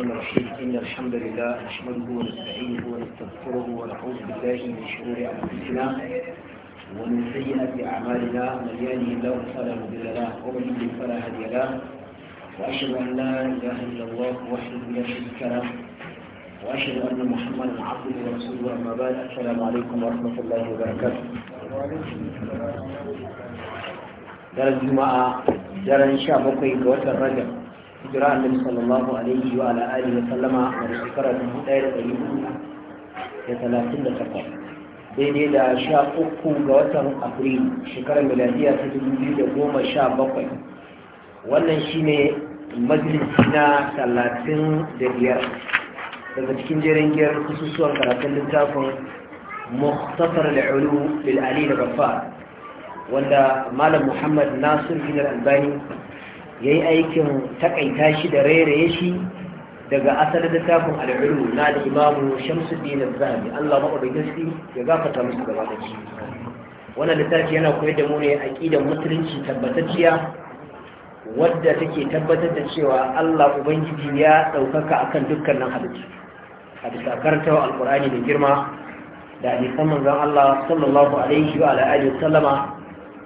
الرحمن الرحيم إن الحمد لله نحمده ونستعينه ونستغفره ونعوذ بالله من شرور أنفسنا ومن سيئات أعمالنا من يهده الله فلا مضل له ومن يضلل فلا هادي له وأشهد أن لا إله إلا الله وحده لا شريك له وأشهد أن محمدا عبده ورسوله أما بعد السلام عليكم ورحمة الله وبركاته daren juma'a daren sha bakwai ga watan rajab hijira annabi sallallahu alaihi wa ala alihi wa sallama a shekara dubu ɗaya da ɗari uku da talatin da takwas daidai da sha uku ga watan afrilu shekarar miladiya ta dubu biyu da goma sha bakwai wannan shine majalisi na talatin da biyar daga cikin jerin giyar kususuwan karatun littafin muhtasar da ulu Ali da bafa wanda malam muhammad nasir bin albani ya yi aikin takaita shi da rairaye shi daga asalin littafin al'ulu na al'imamu shamsuddin al-zahabi Allah maɓaukakin gaske ya gafata musu gaba da shi wannan littafi yana koyar da mu ne ƙidan musulunci tabbatacciya wadda take tabbatar da cewa Allah ubangiji ya ɗaukaka akan dukkanin halittu a bisa karantawa alqur'ani da girma da hadisan manzon Allah sallallahu alaihi wa alihi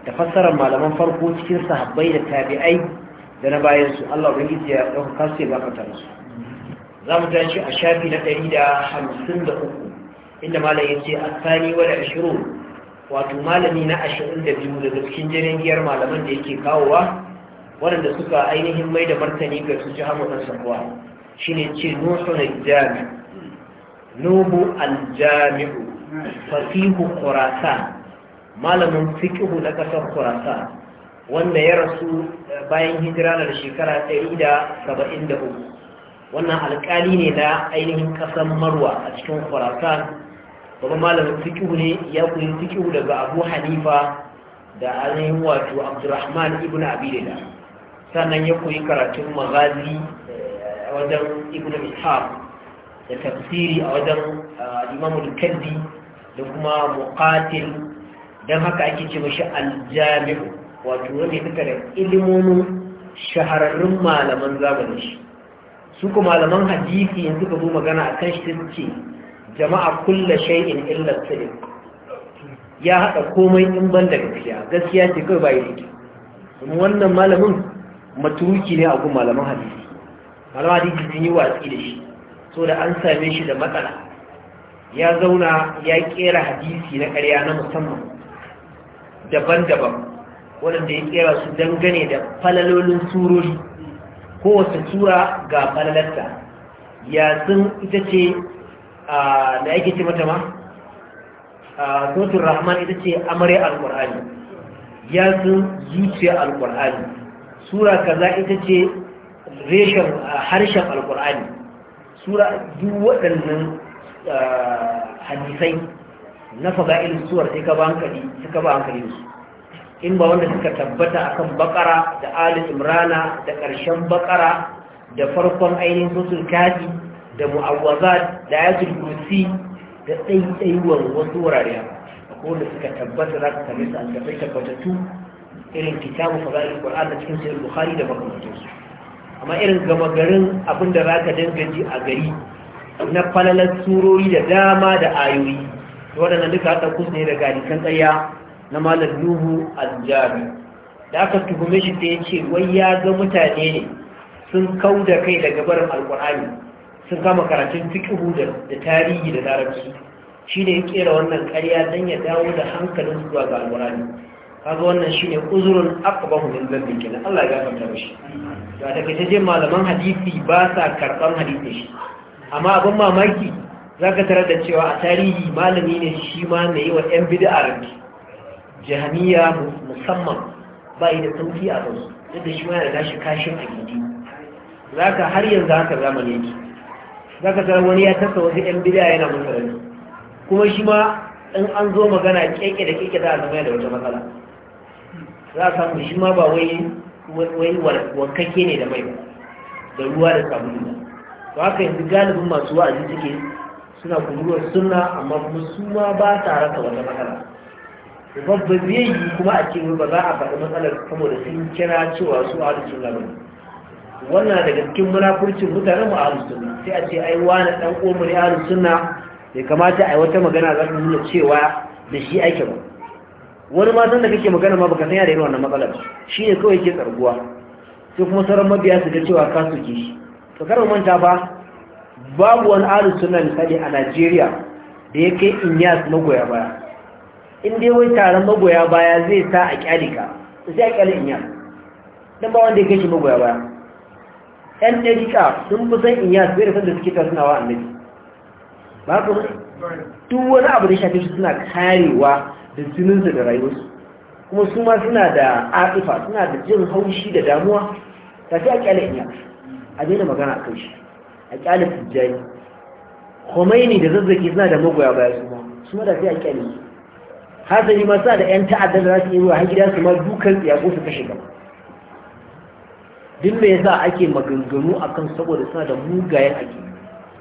da fassarar malaman farko cikin sahabbai da tabi'ai da na bayan su Allah ubangiji ya dauka kasu ya gafarta su. za mu tashi a shafi na ɗari da hamsin da uku inda malam ya ce wani ashirin wato malami na ashirin da biyu cikin jirin giyar malaman da yake kawowa waɗanda suka ainihin mai da martani ga su jihar mutan sakuwa shi ne ce nuhun aljami nuhu aljami'u fasihu kurasa malamin fikihu na ƙasar kurasa wanda ya rasu eh, bayan hijira na da shekara 173 wannan alkali ne na ainihin kasan marwa a cikin kwarasan babban malamin fikihu ne ya koyi fikihu daga abu hanifa da ainihin wato abdurrahman ibn abidina sannan ya koyi karatun magazi eh, a wajen ibn ishaq da tafsiri a wajen eh, imamul kaddi da kuma muqatil don haka ake ce mashi aljami'u wato wanda suka da ilimomin shahararrun malaman zamanin shi su kuma malaman hadisi yanzu ka zo magana a kan shi ce jama'a kulla shay'in illa sadiq ya haɗa komai in ban da gaskiya gaskiya ce kai bai yake kuma wannan malamin maturuki ne a gun malaman hadisi malaman hadisi sun yi watsi da shi so da an same shi da matsala ya zauna ya kera hadisi na ƙarya na musamman daban-daban waɗanda ya kera su dangane da falalolin surori kowace tura ga falalarta sun ita ce da ake ce mata ma sautin rahman ita ce amare alkur'ani sun zuciya alkur'ani sura kaza ita ce reshen harshen alkur'ani sura duk waɗannan hadisai na faga'il suwar sai ka ba hankali su in ba wanda suka tabbata akan bakara da ali imrana da ƙarshen bakara da farkon ainihin sosul kaji da mu'awwazat da ya turkusi da tsayayyuwan wasu wurare ko wanda suka tabbata za ka sami su da sai tabbatattu irin kitabu fadailul qur'an da cikin sayar buhari da makamantarsu amma irin gama garin abin da za ka dangaji a gari na falalar surori da dama da ayoyi waɗannan duka haɗa kusa ne daga alikan tsaya na malar nuhu aljami da aka tuhume shi sai ya ce wai ya ga mutane ne sun kau da kai daga barin alkur'ani sun kama karatun fikihu da tarihi da larabci shi ne ya kera wannan karya don ya dawo da hankalin zuwa ga alkur'ani kaga wannan shi ne uzurin akabahu min zambi kenan allah ya gafarta mashi da daga malaman hadisi ba sa karɓar hadisi shi amma abin mamaki za ka tarar da cewa a tarihi malami ne shi ma na yi wa 'yan bida a rabi jami'a musamman ba yi da sauki a kansu yadda shi ma riga shi kashin a gidi za ka har yanzu haka zamani yake za ka wani ya tasa wasu yan bida yana musu rani kuma shi ma in an zo magana keke da keke za a zama da wata matsala za a samu shi ma ba wai wankake ne da mai da ruwa da sabulu ba to haka yanzu galibin masu wa'azi suke suna ruwan sunna amma kuma su ma ba ta rasa wata matsala babba zai kuma a ce ba za a faɗi matsalar da sun kira cewa su a halittun labarin wannan daga cikin munafurcin mutanen mu a halittun sai a ce ai wani ɗan ƙomar ya halittun na ya kamata a yi wata magana za ta nuna cewa da shi ake ba wani matan da kake magana ma baka san yana da irin wannan matsalar shi ne kawai ke tsarguwa sai kuma sauran mabiya su ga cewa ka suke shi to kar mu manta ba babu wani ahlus na misali a Najeriya da ya kai inyas magoya baya in dai wai taron magoya baya zai sa a kyalika sai a kyalin inyas don ba wanda ya kai shi magoya baya yan ɗarika sun fi san inyas bai da sanda da suke ta suna wa annabi ba ku duk wani abu da shafi suna karewa da jininsu da rayuwarsu kuma su ma suna da afifa suna da jin haushi da damuwa ta fi a kyalin inyas a daina magana a kai shi a kyalin tijjani Khomeini da zazzaki suna da magoya baya su ma su ma da fi a kyalin hasali ma sa da 'yan ta'adda da za su yi ruwa har gidansu su ma dukan yago su kashe gaba duk me yasa ake maganganu akan saboda suna da mugayen aƙida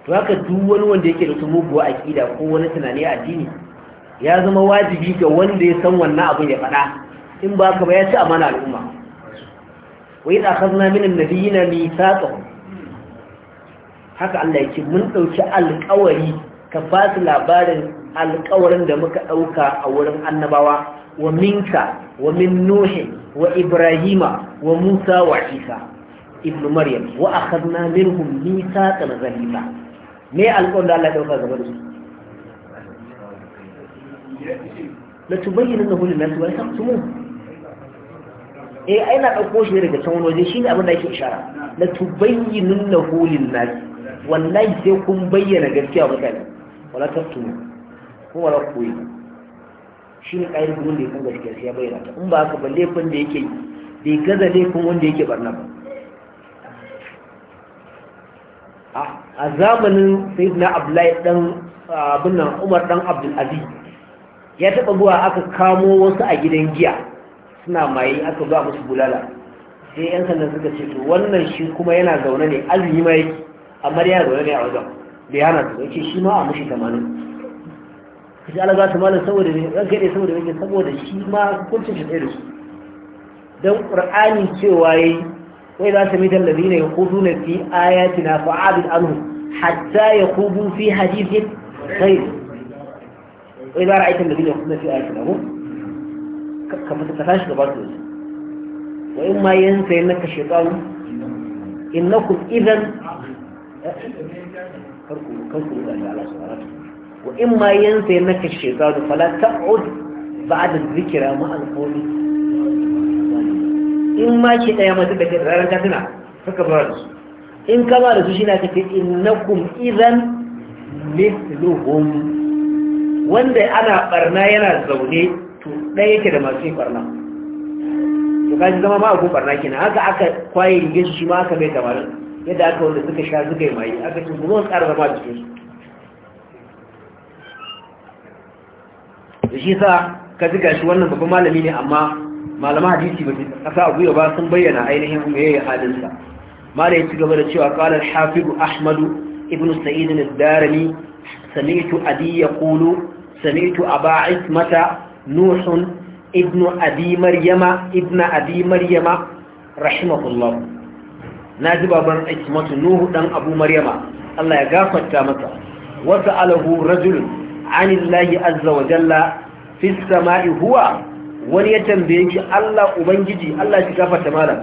to haka duk wani wanda yake da su muguwa aƙida ko wani tunani a addini ya zama wajibi ga wanda ya san wannan abin ya faɗa in ba ka ba ya ci amana al'umma wai da akhadna min annabiyina mithaqahum haka Allah yake mun dauki alƙawari ka ba su labarin alƙawarin da muka ɗauka a wurin annabawa wa minka wa min nuhi wa ibrahima wa musa wa isa ibnu maryam wa akhadna minhum mithaqan ghaliza me alƙawarin da Allah ya ɗauka gaba da su la tubayyinahu lin-nasi wa la taqtumuhu eh aina ɗauko shi daga can wani waje shine abin da ake ishara la tubayyinunnahu lin-nas wallahi sai kun bayyana gaskiya mutane wala taftumu Kuma wala koyi shi ne ƙayar gudun da ya kunga shi ya bayyana ta in ba haka ba laifin da yake bai gaza laifin wanda yake barna ba a zamanin sayyidina abdullahi dan abin nan umar dan abdul ya taɓa zuwa aka kamo wasu a gidan giya suna maye aka zuwa musu bulala sai yan sandan suka ce to wannan shi kuma yana zaune ne azumi ma yake amma yana zaune ne a wajen bai hana su yake shi ma a mushi tamanin kaji ala za ta malam saboda ne ran kai saboda ne saboda shi ma hukuncin shi da su dan qur'ani cewa yayi wai za su ta midan ladina yaquduna fi ayatina fa'abid anhum hatta yaqudu fi hadithin ghayr wai za a ra'aytan ladina yaquduna fi ayatina hum ka fata ta tashi gaba da su wa in ma yin na kashe yansa In na innakum idan eh? karku karku da Allah subhanahu wa ta'ala وإما ينسينك الشيطان فلا تقعد بعد الذكرى مع القول إما شيء يا مدد رانا كاتنا فكبر إن كما رسولنا كتير إنكم إذا مثلهم wanda ana barna yana zaune to ɗaya yake da masu yin barna to kaji zama ma abu barna kenan haka aka kwaye rigin shi ma aka mai tamarin yadda aka wanda suka sha suka yi aka ce mu zo ƙara zama cikin su da shi sa ka ji gashi wannan babban malami ne amma malama hadisi bai kasa a gwiwa ba sun bayyana ainihin meye halinsa mala ya ci gaba da cewa qala al-hafiz ahmad ibn sa'id al-darimi sami'tu adi yaqulu sami'tu aba ismata nuh ibn abi maryama ibn abi maryama rahimahullah naji baban ismatu nuh dan abu maryama Allah ya gafarta masa wasa alahu rajul anillahi azza wa jalla fi sama'i huwa wani ya tambaye shi Allah ubangiji Allah shi gafarta malam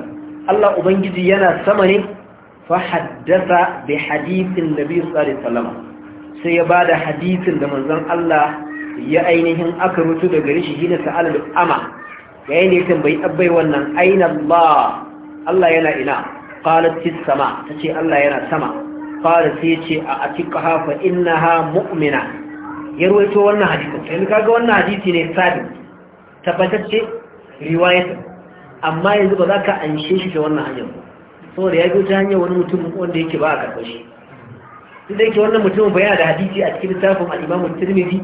Allah ubangiji yana sama ne fa haddatha bi hadithin nabi sallallahu alaihi salama, sai ya ba da hadisin da manzon Allah ya ainihin aka rutu daga rishi hina sa'al ama yayin ya tambayi abbai wannan aina Allah Allah yana ina qalat fis ta ce Allah yana sama qala sai ce a hafa, fa innaha mu'mina ya ruwaito wannan hadisin yanzu kaga wannan hadisi ne sabi tabbatacce riwayatan amma yanzu ba za ka anshe shi ta wannan hanyar saboda ya biyo ta hanyar wani mutum wanda yake ba a karɓar shi duk da yake wannan mutumin bayana da hadisi a cikin littafin al-Imam Tirmidhi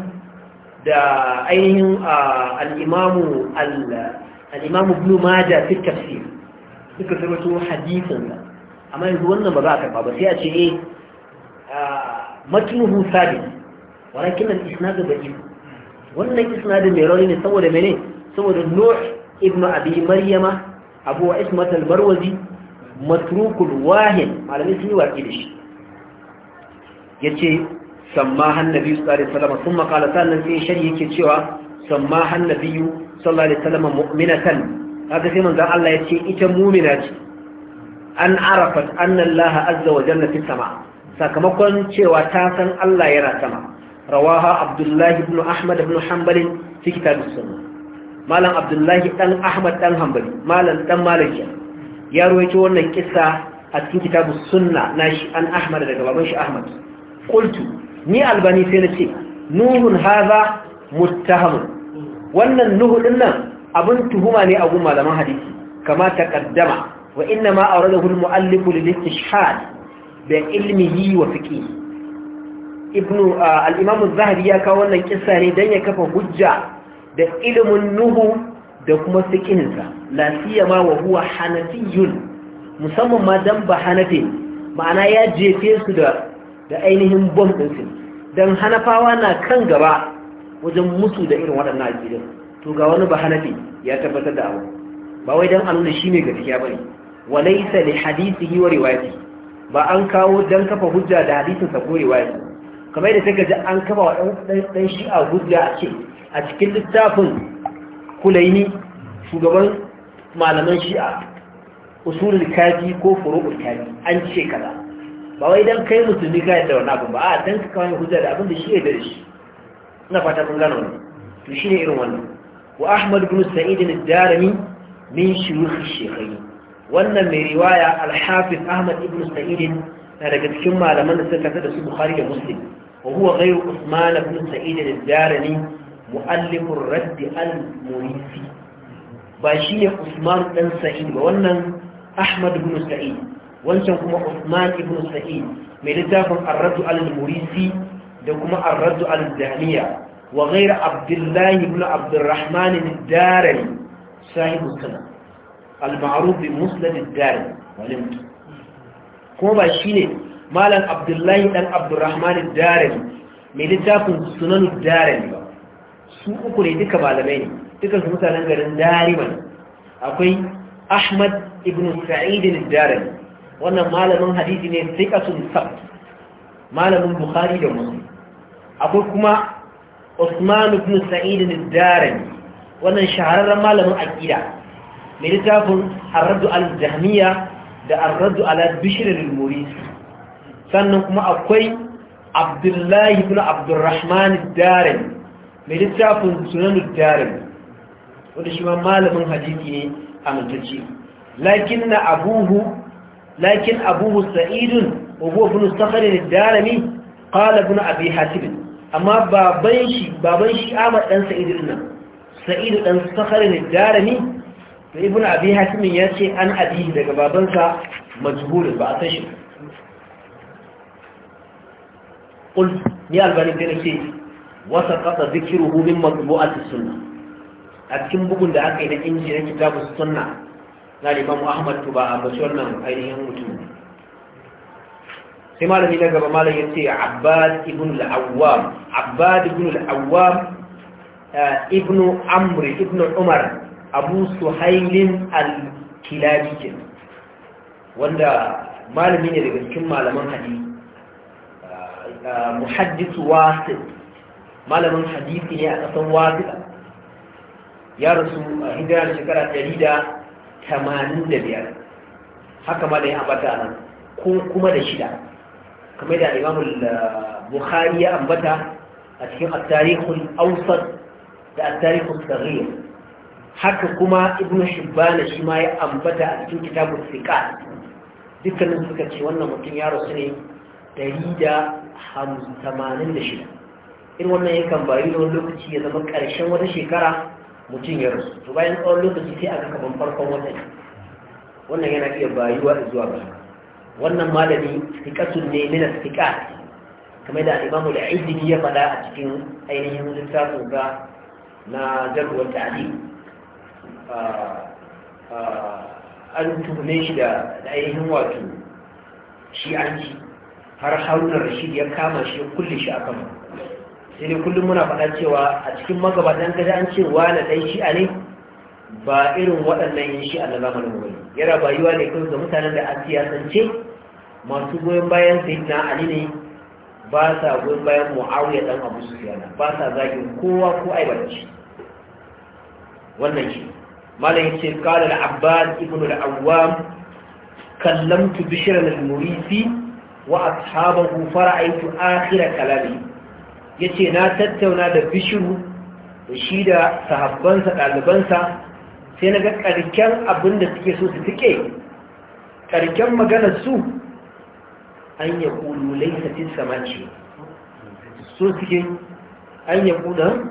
da ainihin al-Imam al-Imam Ibn Majah fi tafsir duka sarwato hadisin amma yanzu wannan ba za a karɓa ba sai a ce eh matnuhu sabit walakin al-isnad da'if wannan isnadin mai rauni ne saboda mene saboda nuh ibn abi maryama abu ismat al-marwazi wahin malami sun yi da shi yace sammaha annabi sallallahu alaihi wasallam kuma qala sallan sai shari yake cewa sammaha annabi sallallahu alaihi wasallam mu'minatan haka sai manzon Allah yace ita mu'mina ce an arafat anna Allah azza wa jalla fi sama sakamakon cewa ta san Allah yana sama rawaha abdullahi ibn ahmad ibn hanbal fi kitab as-sunnah malam abdullahi dan ahmad dan hanbali malam dan malaki ya rawaito wannan kissa a cikin kitab as-sunnah nashi an ahmad daga baban shi ahmad qultu ni albani sai na ce nuhun hadha muttahamun wannan nuhu din nan abin tuhuma ne a gun malaman hadisi kama taqaddama wa inna ma awradahu al-muallif lil-istishhad bi ilmihi wa fiqhihi ibnu al-imam zahabi ya kawo wannan kisa ne dan ya kafa hujja da ilimin nuhu da kuma fiqhinsa Lafiyama siyama wa huwa hanafiyun musamman ma dan ba hanafi ma'ana ya jefe su da da ainihin bom din su hanafawa na kan gaba wajen musu da irin waɗannan ajiyar to ga wani ba hanafi ya tabbatar da abu ba wai dan shi shine gaskiya bane walaysa li hadithihi wa riwayatihi ba an kawo dan kafa hujja da hadisin sa ko kamar da suka ji an kama wa ɗan a hujja a ce a cikin littafin kulaini shugaban malaman shi a usulul kaji ko furu'ul kaji an ce kaza ba wai dan kai musulmi ga yadda wani abin ba a dan ka kawai hujjar da abin da shi ya da shi ina fata mun gano ne to shi ne irin wannan wa ahmad ibn sa'id ad-darimi min shuyukh shaykhayn wannan mai riwaya al-hafiz ahmad ibn sa'id daga cikin malaman da suka kada su bukhari da muslim وهو غير عثمان بن سعيد الدارني مؤلف الرد المريسي باشي عثمان بن سعيد وأن أحمد بن سعيد wancan kuma Usman ibn Sa'id mai littafin Ar-Radd al-Murisi da kuma Ar-Radd al-Dahniya wa ghayr Abdullah ibn Abdurrahman al-Darani sahib bi kuma ba malam abdullahi dan abdurrahman darani mai littafin sunan darani ba su uku ne duka malamai ne duka su mutanen garin dariman akwai ahmad ibn sa'id darani wannan malamin hadisi ne thiqatun sabt malamin bukhari da muslim akwai kuma usman ibn sa'id darani wannan shahararren malamin aqida mai littafin ar-radd al-jahmiya da ar-radd ala bishr murisi sannan kuma akwai abdullahi ibn abdurrahman darin mai littafin sunan darin wanda shi ma malamin hadisi ne a mutaci lakin na abuhu lakin abuhu sa'idun wa huwa ibn sakharin darimi qala ibn abi hasib amma baban shi baban shi Ahmad dan Sa'idun nan Sa'idu dan Sakharin Darimi to Ibn Abi Hatim ya ce an abi daga babansa majhul ba a san shi kul ni albani da nake wasa qata dhikruhu min matbu'at sunna akin bugun da aka yi da inji na kitabu sunna na limamu ahmad tuba a bashar nan ainihin mutum sai malami na gaba malami yace abbad ibn al-awwam ibn al-awwam ibn umar abu suhailin al-kilabijin wanda malami ne daga cikin malaman hadisi muhaddis wasit malamin hadisi ne a ƙasar wasit ya rasu a hijira da shekara ɗari da tamanin da biyar haka ma da ya ambata a nan ko kuma da shida kamar da imamul eh, bukhari ya ambata a cikin attarihul awsat da attarihul saghir haka kuma ibnu hibbana shi ma ya ambata a cikin kitabun siqat dukkanin suka ce wannan mutum ya rasu ne da tamanin da shida irin wannan yakan bayu da wani lokaci ya zama ƙarshen wata shekara mutum ya rasu to bayan tsawon lokaci sai aka kaman farkon wata wannan yana iya bayuwa zuwa ba. wannan malami fikatun ne mina fiƙa kamar da imamu da aizini ya faɗa a cikin ainihin littafin ga na jarruwar ta'adi an tuhume shi da ainihin wato shi'anci har harunar rashid ya kama shi kulle shi akan sai dai kullum muna faɗa cewa a cikin magabatan gada an ce wa na ɗan shi'a ne ba irin waɗannan yin shi'a na zamanin wani yana bayuwa ne kan ga mutanen da an siyasance masu goyon bayan na ali ne ba sa goyon bayan ya ɗan abu sufyana ba sa zagin kowa ko wannan shi malam ce qala da abbas ibn al-awwam kallamtu bishran al-murisi wa ashabahu fara'aitu akhira kalami yace na tattauna da bishiru da shi da sahabbansa ɗalibansa sai na ga ƙarken abin suke so su tike ƙarken maganar su an ya ƙulu laifin sama ce so suke an ya ƙudan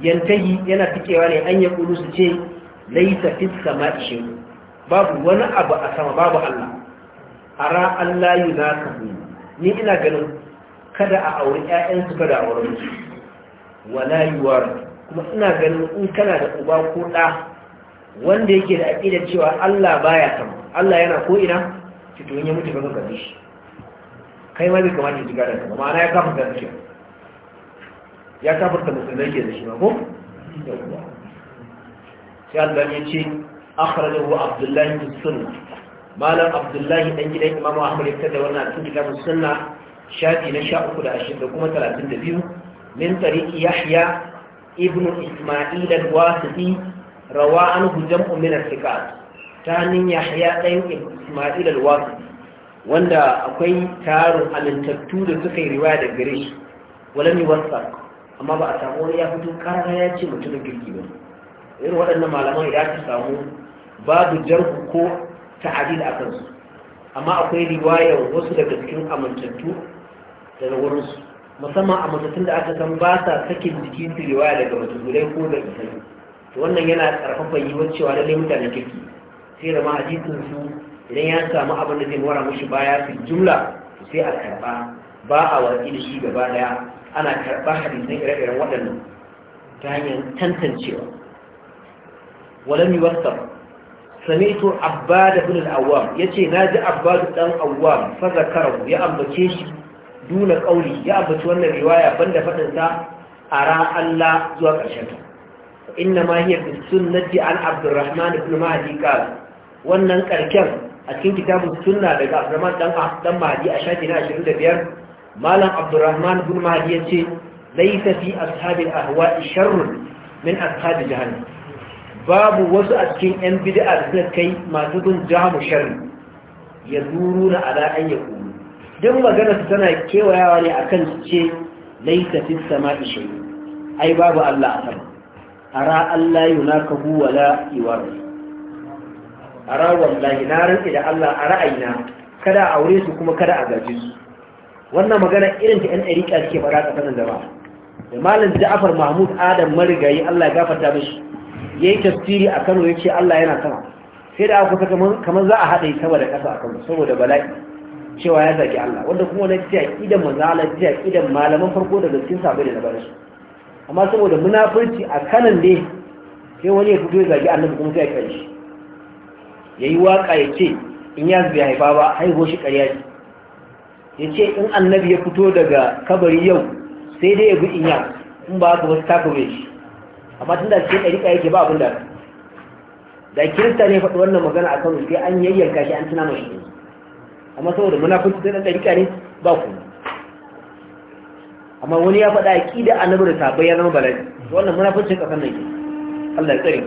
yantahi yana tikewa ne an ya ƙulu su ce laifin sama ce babu wani abu a sama babu Allah ara Allah yi na ka ni ina ganin kada a auri 'ya'yansu kada a auri su wala yuwar kuma ina ganin in kana da uba ko ɗa wanda yake da aƙidar cewa Allah baya sama Allah yana ko ina to ya mutu ga gabi shi kai ma bai kamata ya ji gadon ka ma'ana ya kafa ganin shi ya kafa ta musulmai ke da shi ma ko sai Allah ya ce akhrajahu Abdullahi bin Sunnah malam abdullahi dan gidan imamu ahmad ya da wannan cikin kitabun sunna shafi na sha uku da ashirin da kuma talatin da biyu min tariki yahya Ibn isma'il al-wasiti rawa anhu jam'u min al-thiqat tanin yahya dan isma'il al-wasiti wanda akwai tarin amintattu da suka yi riwaya da gare shi walami wasa amma ba a samu wani ya fito karara ya ce mutumin girki ba irin waɗannan malaman idan aka samu babu jarku ko ta'adil a kansu amma akwai riwaya wasu daga cikin amintattu daga wurinsu musamman a matattun da aka san ba sa sakin jiki su riwaya daga mataturai ko da isai wannan yana karfafa wacce cewa lalle mutane kirki sai da hadisin su idan ya samu abin da zai mora mushi baya su jumla sai a karba ba a watsi da shi gaba daya ana karba hadisan ire-iren waɗannan ta hanyar tantancewa walam yuwassar samitu abbad ibn ya ce na ji abbad ɗan awwam fa zakarahu ya ambace shi duna ƙauri ya ambaci wannan riwaya banda fadin sa ara Allah zuwa karshen inna ma hiya bi ji an abdurrahman ibn mahdi qal wannan karken a cikin kitabun sunna daga abdurrahman dan dan a shafi na biyar. malam abdurrahman ibn mahdi yace laysa fi ashabil ahwa sharrun min ashabi jihar. babu wasu a cikin yan bid'a da kai masu bin jamu sharri ya duru na ala an ya kuma don magana su tana kewayawa ne akan su ce laita fi sama ishe ai babu Allah a sama ara Allah yunakahu wala iwaru ara wallahi na rinke da Allah a ra'ayina kada a aure su kuma kada a gaji su wannan magana irin ta 'yan ɗariƙa suke faɗa tsakanin jama'a da malin ja'afar mahmud adam marigayi Allah ya gafarta mishi ya yi tafsiri a kano ya ce Allah yana sama sai da aka kusa kamar za a haɗe sama da ƙasa a kano saboda bala'i cewa ya zaki Allah wanda kuma wani ce idan manzala ce idan malaman farko da gaskin sabai da labarin su amma saboda munafurci a kanan ne sai wani ya fito ya zaki Allah kuma sai ya kai shi ya yi ya ce in ya bai haifa ba haihuwa shi ƙarya ne ya ce in annabi ya fito daga kabari yau sai dai ya bi in ya in ba haka wasu takobe shi amma tun da cikin ɗarika yake ba abin da da kirista ne faɗi wannan magana a kanu sai an yayyanka shi an tuna mai shi amma saboda munafunci sai ɗan ɗarika ne ba ku amma wani ya faɗa da annabi da sabai ya zama bala'i wannan munafuncin ƙasar nan ke Allah ya tsare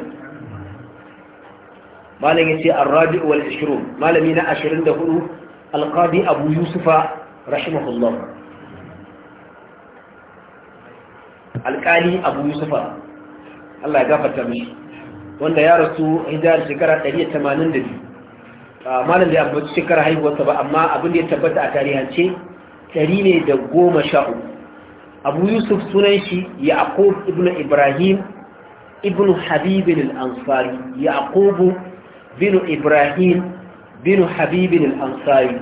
malam ya ce arrabi wal ishrun malami na 24 alqadi abu yusufa rahimahullah alqali abu yusufa Allah ya gafarta mishi wanda ya rasu hijirar shekara 182 malam da ya ambaci shekara haihuwarsa ba amma abin da ya tabbata a tarihance 100 ne da goma sha abu yusuf sunan shi yaqub ibn ibrahim ibn habib al-ansari yaqub bin ibrahim bin habib al-ansari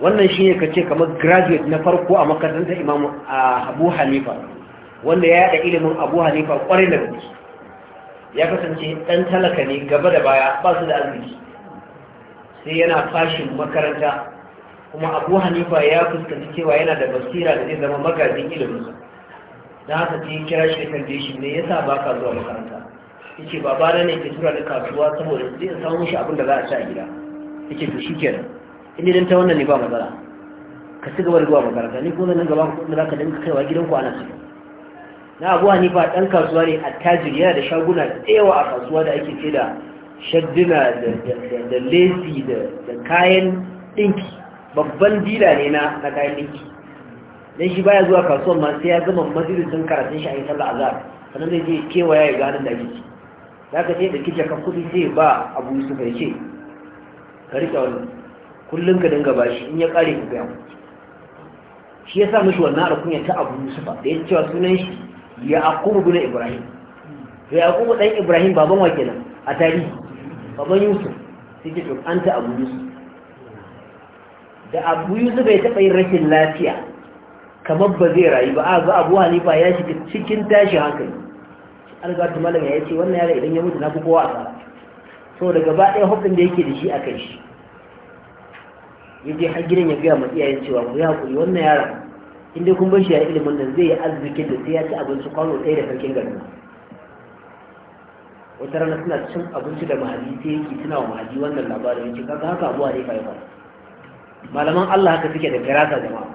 wannan shi ne kace kamar graduate na farko a makarantar imamu abu hanifa wanda ya yada ilimin abu hanifa kwarai da gudu ya kasance dan talaka ne gaba da baya ba su da arziki sai yana fashin makaranta kuma abu hanifa ya fuskanci cewa yana da basira da zai zama magajin ilimin na haka ce ya kira shi kan jeshi ne sa ba ka zuwa makaranta ce ba bada ne ke tura da kasuwa saboda zai samu mishi abin da za a sha gida yace to shikenan in idan ta wannan ne ba matsala ka ci gaba da zuwa makaranta ni ko nan gaba da za ka dinka kaiwa gidanku ana cikin na abu ba ɗan kasuwa ne a Tajir yana da shaguna da yawa a kasuwa da ake ce da shadduna da lesi da kayan ɗinki babban dila ne na kayan ɗinki don shi baya zuwa kasuwa ma sai ya gama majalisun karatun shi a yi sallah azhar sannan zai ce kewa ya ganin da ake za ka ce da kike kan kuɗi sai ba abu su bai ce ka riƙe wani kullum ka dinga bashi in ya ƙare ka gaya shi ya sa mishi wannan alkunya ta abu yusufa da ya cewa sunan shi yaqub ibn ibrahim to yaqub dan ibrahim baban wa kenan a tarihi baban yusuf sai ce to anta abu yusuf da abu yusuf bai taɓa yin rashin lafiya kamar ba zai rayu ba a ga abu halifa ya shiga cikin tashi hankali algatu malam ya ce wannan yaro idan ya mutu na kowa a tsara so da gaba ɗaya hukun da yake da shi a kai shi ya je har gidan ya gaya mu iyayen cewa ku yi haƙuri wannan yaro inda kun bar shi ya ilimin nan zai yi arzikin da sai ya ci abinci kwano ɗaya da sarkin garin wata rana suna cin abinci da mahaji sai yake suna wa mahaji wannan labarin yake kaga haka abuwa ne kai malaman Allah haka suke da garasa jama'a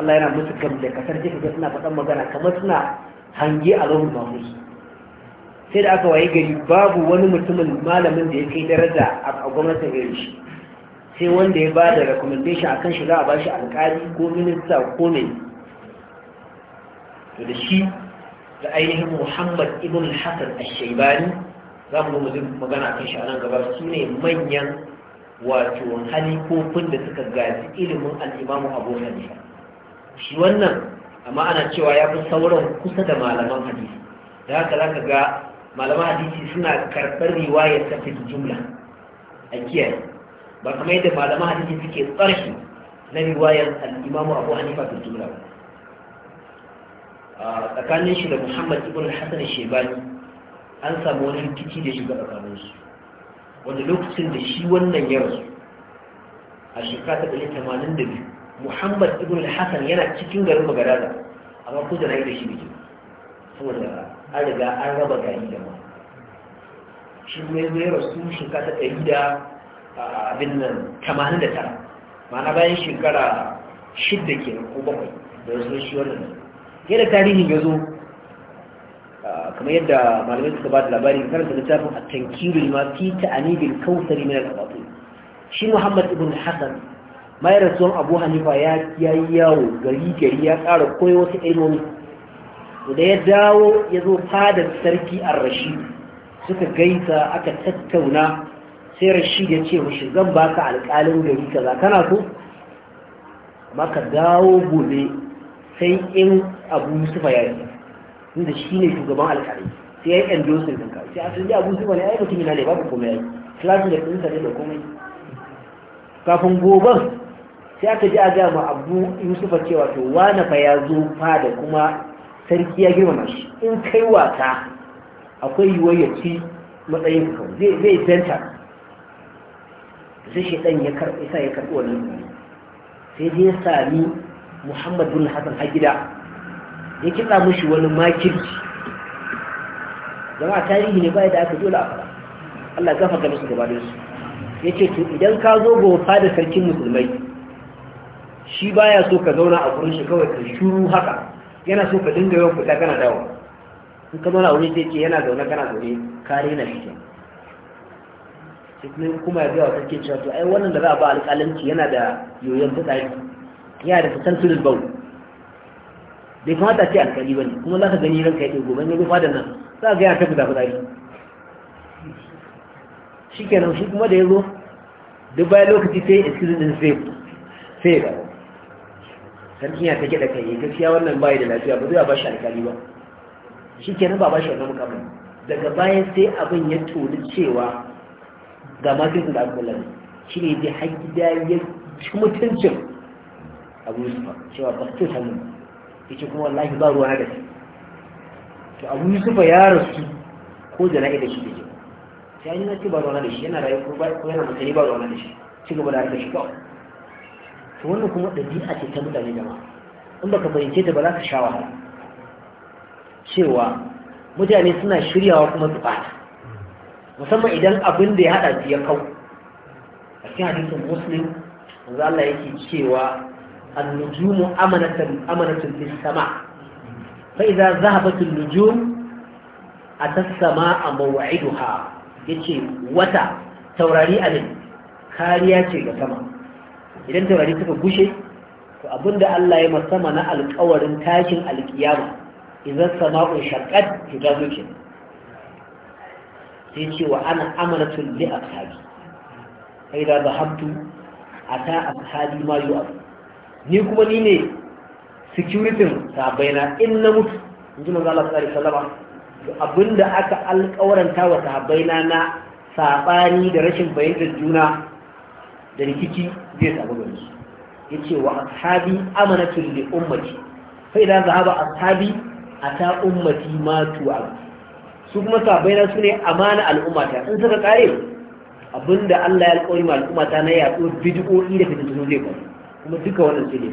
Allah yana musu kam da kasar take ga suna faɗan magana kamar suna hange a lahul mahfuz sai da aka waye gari babu wani mutumin malamin da ya kai daraja a gwamnatin gari shi sai wanda ya ba da recommendation kan shi za a ba shi alkali ko minista ko mai to da shi da ainihin muhammad ibn hassan a shaibani za mu yi magana kan shi a nan gaba su ne manyan wato halifofin da suka gaji ilimin al'imamu abu hadisa shi wannan a ana cewa ya fi sauran kusa da malaman hadisi da haka za ka ga malaman hadisi suna karɓar riwayar tafi jumla a kiyaye ba kamar yadda malaman hadisi suke tsarki na riwayar al-imamu abu hanifa bin jumla ba tsakanin shi da muhammad ibn Hassan shebani an samu wani rikici da shiga tsakanin su wanda lokacin da shi wannan ya rasu a shekara ta ɗari tamanin da biyu muhammad ibn Hassan yana cikin garin magadaza amma ko da na yi da shi bikin saboda an riga an raba gari da ma shi kuma ya rasu shekara ta ɗari da abin nan tamanin da tara ma'ana bayan shekara shidda ke ko bakwai da wasu shi wannan yadda tarihin ya zo kamar yadda malamai suka ba da labari karanta littafin a tankirul ma fi ta'anibin kautari min al shi muhammad ibn Hassan, mai abu hanifa ya yi yawo gari gari ya ƙara koyo wasu ilmomi da ya dawo ya zo fadar sarki ar rashi suka gaisa aka tattauna sai rashid ya ce mashi zan baka alƙalin gari kaza kana so maka dawo gobe sai in abu yusufa ya yi inda shi ne shugaban alƙalai sai ya yi endorsing ɗinka sai a sun abu yusufa ne yi mutum ne babu komai ya yi klasin da ɗinsa ne da komai kafin goben sai aka ji a gaya ma abu yusufa cewa to wane fa ya zo fada kuma sarki ya girmama shi in kai wata akwai yiwuwar ya ci matsayin ka zai zai sai shaidan ya karɓi sai ya karɓi wannan sai dai ya sami muhammad bin hassan a gida ya kiɗa mushi wani makirci jama'a tarihi ne bai da aka dole a fara Allah gafa ga musu gaba da su yace to idan ka zo gofa da sarkin musulmai shi baya so ka zauna a gurin shi kawai ka shuru haka yana so ka dinga yawan fita kana dawo in ka zauna a wurin sai ce yana zaune kana zaune ka rena shi kenan sai kuma ya biya wa sarki cewa to ai wannan da za a ba alƙalanci yana da yoyon tsari. yana da fitan sirrin bau bai kamata ce alƙali ba ne kuma za ka gani ranka ya ɗaya gobe ne kuma da nan za ka ga yana ta fita fitsari shi kenan shi kuma da ya zo duk bayan lokaci sai excuse din sai sai ba sarki ya ta da kai gaskiya wannan bai da lafiya ba zai ba shi alƙali ba shi kenan ba ba shi wannan mukamman daga bayan sai abin ya tuni cewa ga matinsu da abu lalace shi ne dai har gida ya ci mutuncin abu yusufa cewa ba su sanu ya ce kuma wallahi ba ruwa da to abu yusufa ya rasu ko da na'i da shi da ke sai an yi na ce ba ruwa da shi yana rayu ko yana mutane ba ruwa da shi ci gaba da harkar shi kawai to wannan kuma ɗabi'a ce ta mutane jama'a in baka fahimce ta ba za ka sha wahala cewa mutane suna shiryawa kuma su ɓata musamman idan abin da ya haɗa su ya kau a cikin hadisin muslim za Allah yake cewa annujumu amanatan amanatan fis sama fa idza zahabat an-nujum atas samaa maw'iduha yace wata taurari alin kariya ce ga sama idan taurari suka gushe to abinda Allah ya masama na alƙawarin tashin alƙiyama idan sama'u shaqqat to ta zo kenan sai ce wa ana amaratun li ashabi sai da ta a sahabi ma yu ni kuma ni ne security sabai na in na mutu in ji maza Allah sallallahu alaihi wasallam abinda aka alkawaranta wa sahabbai na na sabani da rashin fahimtar juna da rikici zai samu ya yace wa ashabi amanatun li ummati fa idan zahaba ashabi ta ummati ma tu'ab su kuma sabai na su ne amana al'ummata in suka kare abinda Allah ya alƙawari ma al'ummata na yaɗo bid'o'i da fitintunu zai faru kuma duka wannan su ne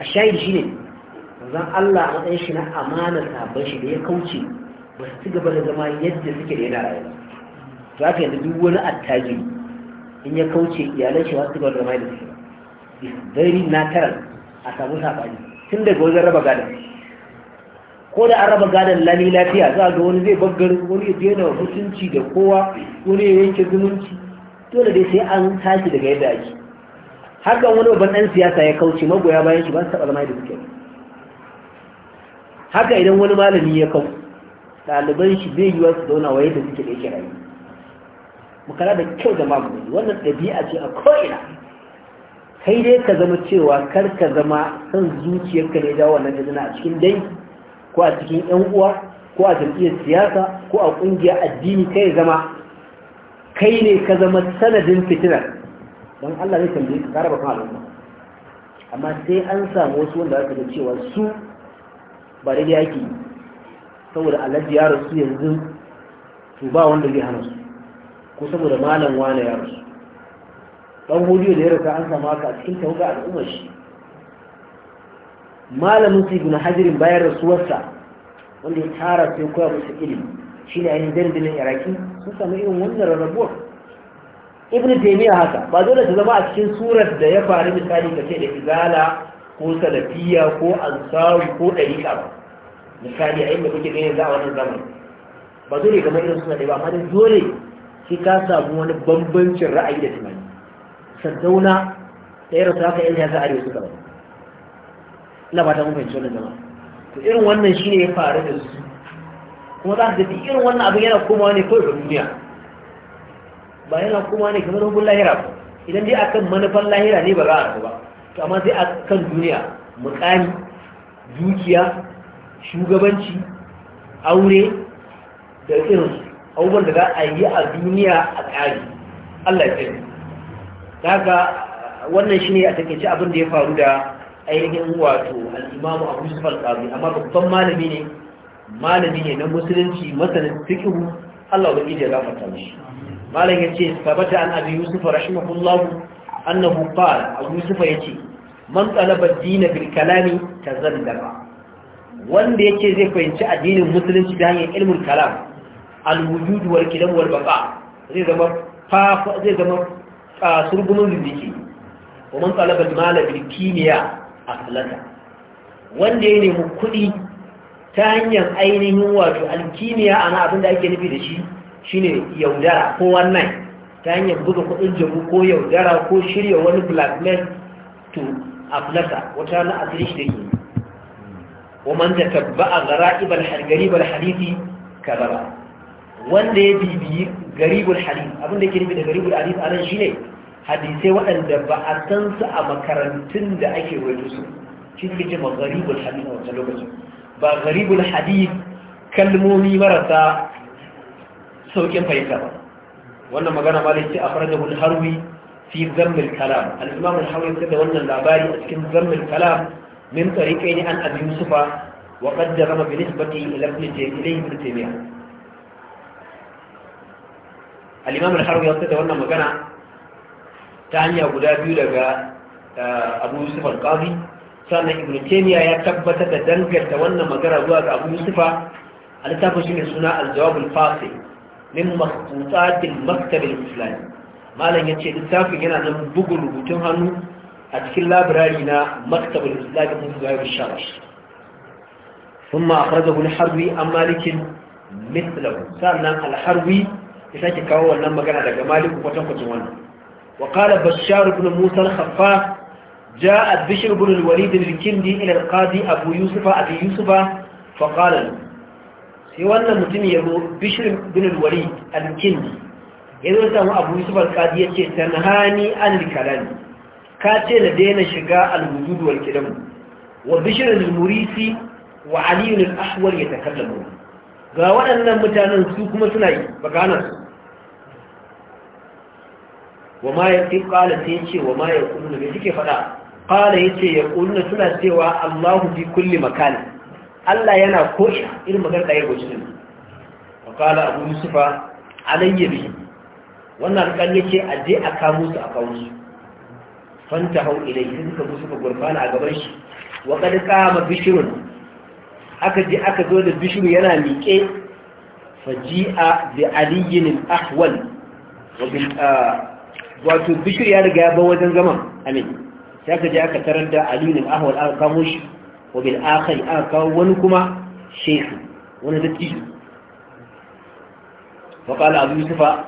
a shayi shi ne zan Allah a matsayin shi na amana sabai shi da ya kauce ba su ci gaba da zama yadda suke da yana rayuwa to haka yanzu duk wani attajiri in ya kauce iyalan shi ba su gaba da zama yadda suke ba is very natural a samu saɓani tun daga wajen raba gadon ko da an raba gadon lami lafiya za ga wani zai baggar wani ya daina mutunci da kowa wani ya yanke zumunci dole dai sai an tashi daga yadda ake hakan wani babban ɗan siyasa ya kauce magoya bayan shi ba su taɓa zama da suke haka idan wani malami ya kau ɗaliban shi zai yi su zauna wa yadda suke da yake rayu makara da kyau da mamaye wannan ɗabi'a ce a ko'ina kai dai ka zama cewa kar ka zama son zuciyarka ne da wannan jazina a cikin dangi ko a cikin yan uwa ko a jam'iyyar siyasa ko a ƙungiyar addini kai zama kai ne ka zama sanadin fitinar don Allah zai tambaye ka karaba kan al'umma amma sai an samu wasu wanda aka ga cewa su ba da yaki saboda alhaji ya rasu yanzu to ba wanda zai hana su ko saboda malam wane ya rasu Ɗan hudu da ya rasa an samu haka a cikin tawaga al'ummar shi malamin su ibn hajirin bayan rasuwarsa wanda ya tara sai koya musu ilimi shi ne ainihin dandalin iraki sun samu irin wannan rarrabuwar ibn taimiyar haka ba dole ta zama a cikin surar da ya faru misali ka ce da izala ko salafiya ko ansaru ko ɗariƙa ba misali a inda kuke ganin za a wannan zamani ba dole ga irin suna da ba amma dole sai ka samu wani bambancin ra'ayi da tunani sandauna ɗaya rasu haka yanzu ya za a arewa suka bane na ba ta mun fahimci wannan jama'a. to irin wannan shi ne ya faru da su kuma za ka ga irin wannan abin yana komawa ne kawai ga duniya ba yana komawa ne kamar hukun lahira ba idan dai akan manufan lahira ne ba za a ba to amma sai akan duniya mukami dukiya shugabanci aure da irin abubuwan da za a yi a duniya a ƙari Allah ya tsaye daga wannan shi ne a takaice abin da ya faru da ainihin wato al'imamu abu yusuf al-qazi amma babban malami ne malami ne na musulunci masanin fiqhu Allah ba ya gafarta mishi malam yace sabata an abi yusuf rahimahullahu annahu qala abu yusuf ce. man talaba ad-din bil kalami tazallama wanda ya ce zai fahimci addinin musulunci ta hanyar ilmin kalam al-wujud wal kidam wal baqa zai zama fa zai zama surgumin zuciyarsa ومن طلب المال بالكيمياء aslata wanda ya nemi kuɗi ta hanyar ainihin wato alkimiya ana abin da ake nufi da shi shine yaudara ko wannan ta hanyar buga kuɗin jamu ko yaudara ko shirya wani blackmail to aflasa wata na asirish da ke ومن تتبع غرائب الغريب الحديث كذبا wanda ya bibiyi garibar hadith abin da ke nufi da garibar hadith anan shine hadisai waɗanda ba a san su a makarantun da ake wajen su shi ne ce ma garibul hadith a wancan lokacin ba garibul hadith kalmomi marasa sauƙin fahimta ba wannan magana ma ce a farajahul harwi fi zammil kalam al-imam al-harwi da wannan labari a cikin zammil kalam min tariqaini an abi yusufa wa qad jarama bi nisbati ila ibn taymiyyah al-imam al-harwi da wannan magana ta hanya guda biyu daga eh, abu yusuf al-qadi sannan ibn taymiya ya tabbatar da danganta wannan magana zuwa ga abu yusufa a littafin shi ne suna Aljawabul Fasi min maqtutat Maktabil maktab al-islami malam yace littafin yana nan bugun rubutun hannu a cikin labirari na maktab al-islami mun ga yau sharash harbi أخرجه الحربي عن sannan مثله سألنا الحربي يساك kawo wannan magana daga Malik maliku kwatankwacin wannan وقال بشار بن موسى الخفاف جاء بشر بن الوليد الكندي إلى القاضي أبو يوسف أبي يوسف فقال له سيوانا متن يبو بشر بن الوليد الكندي يدو سامو أبو يوسف القاضي يتشي تنهاني عن الكلام كاتي لدينا شقاء الوجود والكلام وبشر المريسي وعلي الأحول يتكلمون ga waɗannan mutanen su kuma suna yi bakanar wa ma ya fi kala ta yi ce wa ma ya na mai suke faɗa kala ya ce ya na suna cewa allahu fi kulli makani allah yana ko'ina irin magar ɗaya gwaji ne wa kala abu yusufa yi bi wannan alƙal ya ce a je a kamo su a kawo su fanta hau ilai sun suka musu gurfana a gaban shi wa kad kama bishirun aka je aka zo da bishiru yana miƙe faji'a da aliyin ahwal wa bil ah, wato bishir ya riga ya ba wajen zaman amin sai ka ji aka tarar da aliyun ahwal aka kamo shi wa bil akhari aka kawo wani kuma shehu wani dattijo wa qala abu yusufa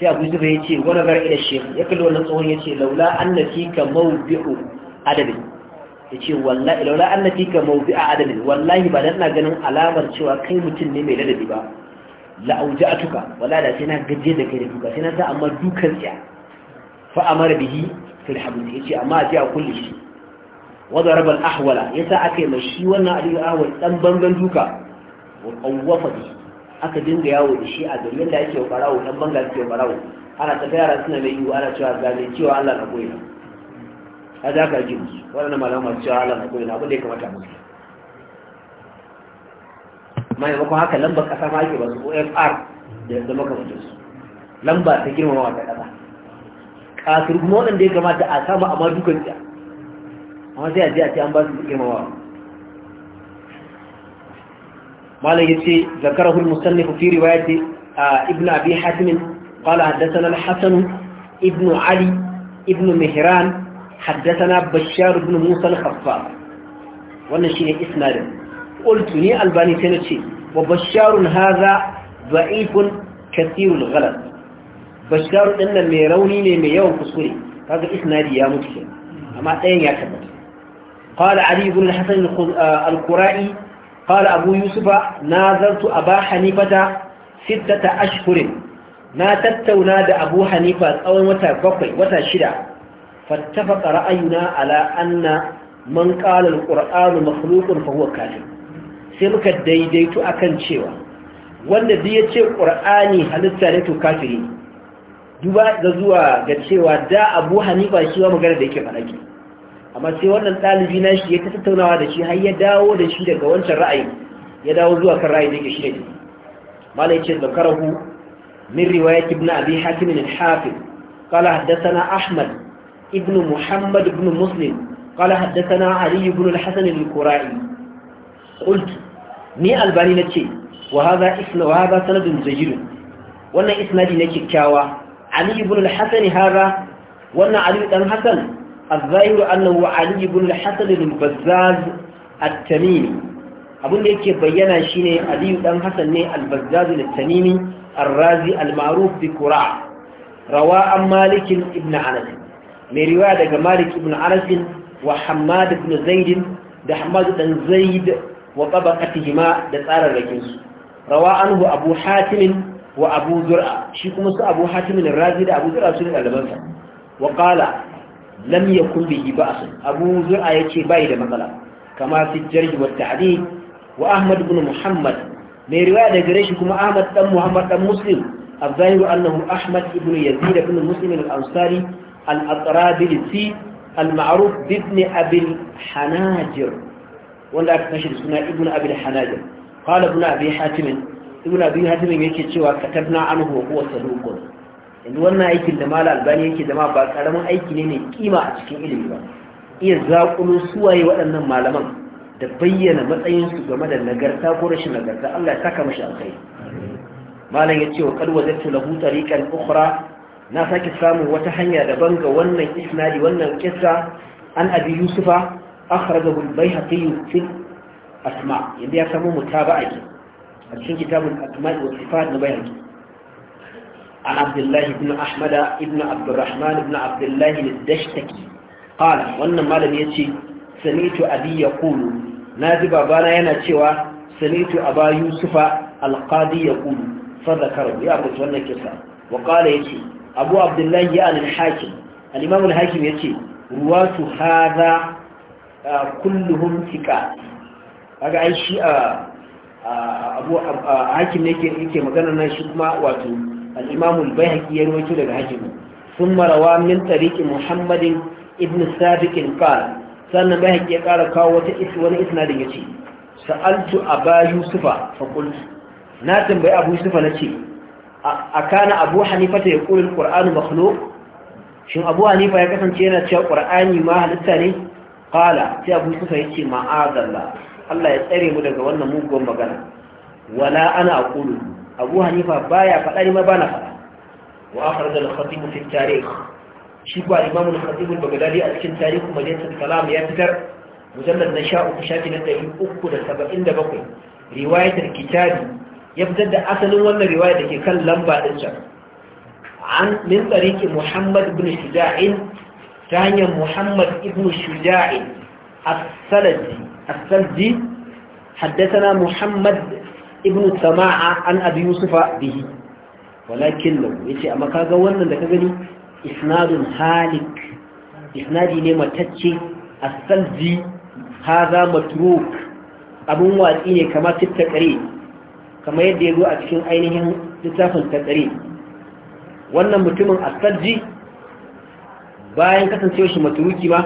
sai abu yusufa ya ce wani bar ila shehu ya kalli wannan tsohon ya ce laula annati ka mawdi'u adabin ya ce wallahi laula annati ka mawdi'a adabin wallahi ba dan na ganin alamar cewa kai mutum ne mai ladabi ba la'auja'atuka wala da sai na gaje da kai da duka sai na sa amma dukan tsaya fa amara bihi fil hamd yace amma a a kulle shi wadda rabal ahwala yasa aka yi mai shi wannan aliyu ahwal dan bangan duka wa qawwafa aka dinga yawo da shi a gari yadda ake wa barawo dan banga ake barawo ana ta yara suna mai yiwu ana cewa ga mai cewa Allah na koyi a za ka ji musu waɗannan malaman masu cewa Allah na koyi na abin da ya kamata musu maimakon haka lambar ƙasa ma ake ba su OFR da ya zama kamar su lamba ta girmama ta ƙasa kafir kuma waɗanda ya kamata a kama amma dukan ta amma sai a je a ce an ba su girmamawa malam yace zakarahul musannif fi riwayati ibn abi hatim qala haddathana al-hasan ibn ali ibn mihran haddathana bashar ibn musa al-khaffaf wannan ne isnadin qultu ni albani sai ce wa basharun hadha ضعيف كثير الغلط bashar din nan mai rauni ne mai yawan kuskure kaga isnadi ya mutu amma ɗayan ya tabbata qala ali ibn hasan al-qura'i qala abu yusuf nazartu aba hanifata sittata ashhurin na tattauna da abu hanifa tsawon wata bakwai wata shida fattafaqa ra'ayuna ala anna man qala al-qur'anu makhluqun fa huwa kafir sai muka daidaitu akan cewa wanda duk ya ce ƙur'ani halitta ne to kafiri ne duba da zuwa ga cewa da abu hanifa shi wa magana da yake faɗa amma sai wannan ɗalibi na shi ya ta tattaunawa da shi har ya dawo da shi daga wancan ra'ayi ya dawo zuwa kan ra'ayi da yake shi ne mala yace karahu, min riwayat ibn abi hakim al-hafiz qala haddathana ahmad ibn muhammad ibn muslim qala haddathana ali ibn al-hasan al-qura'i qult ni albani nace wa hadha isna wa hadha sanadun jayyid wannan isnadi ne kikkiawa علي بن الحسن هذا وأن علي بن الحسن الظاهر أنه علي بن الحسن البزاز التميمي abin da yake bayyana shine Aliyu dan Hassan ne al-Bazzaz al-Tamimi ar-Razi al bi rawa an malikin ibn Anas mai riwaya daga Malik ibn Anas wa Hammad ibn Zaid da Hammad dan Zaid wa tabaqatihima da tsararrakin su rawa anhu Abu hatimin. wa abu zur'a shi kuma su abu hatimin razi da abu zur'a su ne ɗalibansa wa ƙala lam ya kulle yi ba asin abu zur'a ya ce bai da matsala kama fi jarji wa ta'adi wa ahmad bin muhammad mai riwaya da gare shi kuma ahmad dan muhammad dan muslim الظاهر أنه أحمد بن al بن مسلم الأنصاري الأطرابلسي المعروف بابن أبي الحناجر ولا أكتشف سنة ابن أبي hanajir قال ابن أبي حاتم ibn abi hatim yake cewa katabna anhu wa huwa saduqun yanzu wannan aikin da mala albani yake zama ba karamin aiki ne mai kima a cikin ilimi ba iya zakulo suwaye waɗannan malaman da bayyana matsayinsu game da nagarta ko rashin nagarta Allah ya saka mashi alkhairi malam ya ce wa kad wajadtu lahu tariqan ukhra na sake samun wata hanya daban ga wannan isnadi wannan kissa an abi yusufa akhrajahu al-baihaqi fi asma yanda ya samu mutaba'a a cikin kitabul akmal wa sifat na bayhaqi an abdullah ibn ahmad ibn abdurrahman ibn abdullah al-dashtaki qala wannan malami yace sami'tu abi yaqulu naji babana yana cewa sami'tu aba yusufa al-qadi yaqulu fa dhakara ya abu wannan kisa wa qala yace abu abdullah ya al-hakim al-imam al-hakim yace ruwatu hadha ah, kulluhum thiqat kaga ai shi a ah, abu hakim ne yake magana nan shi kuma wato al-imamul bayhaqi ya rawaito daga hakim thumma rawa min tariqi muhammadin ibn sabiq qala sannan bai haƙi ya ƙara kawo wata isi wani isnadin yace sa'altu aba yusufa fa qultu na tambayi abu yusufa nace akana abu hanifa ta yaqulu al-qur'anu makhluq shin abu hanifa ya kasance yana cewa qur'ani ma halitta ne qala sai abu yusufa yace ma'azallah Allah ya tsare mu daga wannan mugun magana wala ana aqulu Abu Hanifa baya faɗa ni ma bana faɗa wa akhraj al-khatib fi tarikh shi ba Imam al-Khatib al-Baghdadi a cikin tarikh Madinat al-Salam ya fitar mujallad na 13 shafi na 377 riwayat al-kitabi ya fitar da asalin wannan riwaya da ke kan lamba din sa an min tariqi Muhammad ibn Shuja'in ta hanyar Muhammad ibn Shuja'in as-Salafi السلجي حدثنا محمد ابن سماعة عن أبي يوسف به ولكن لو يتي أما كاغا وانا لكاغني إسناد هالك إسنادي نيمة تتشي السلجي هذا متروك abin watsi ne kamar tattakare kamar yadda ya zo a cikin ainihin littafin tattare wannan mutumin astarji bayan kasancewa shi maturuki ma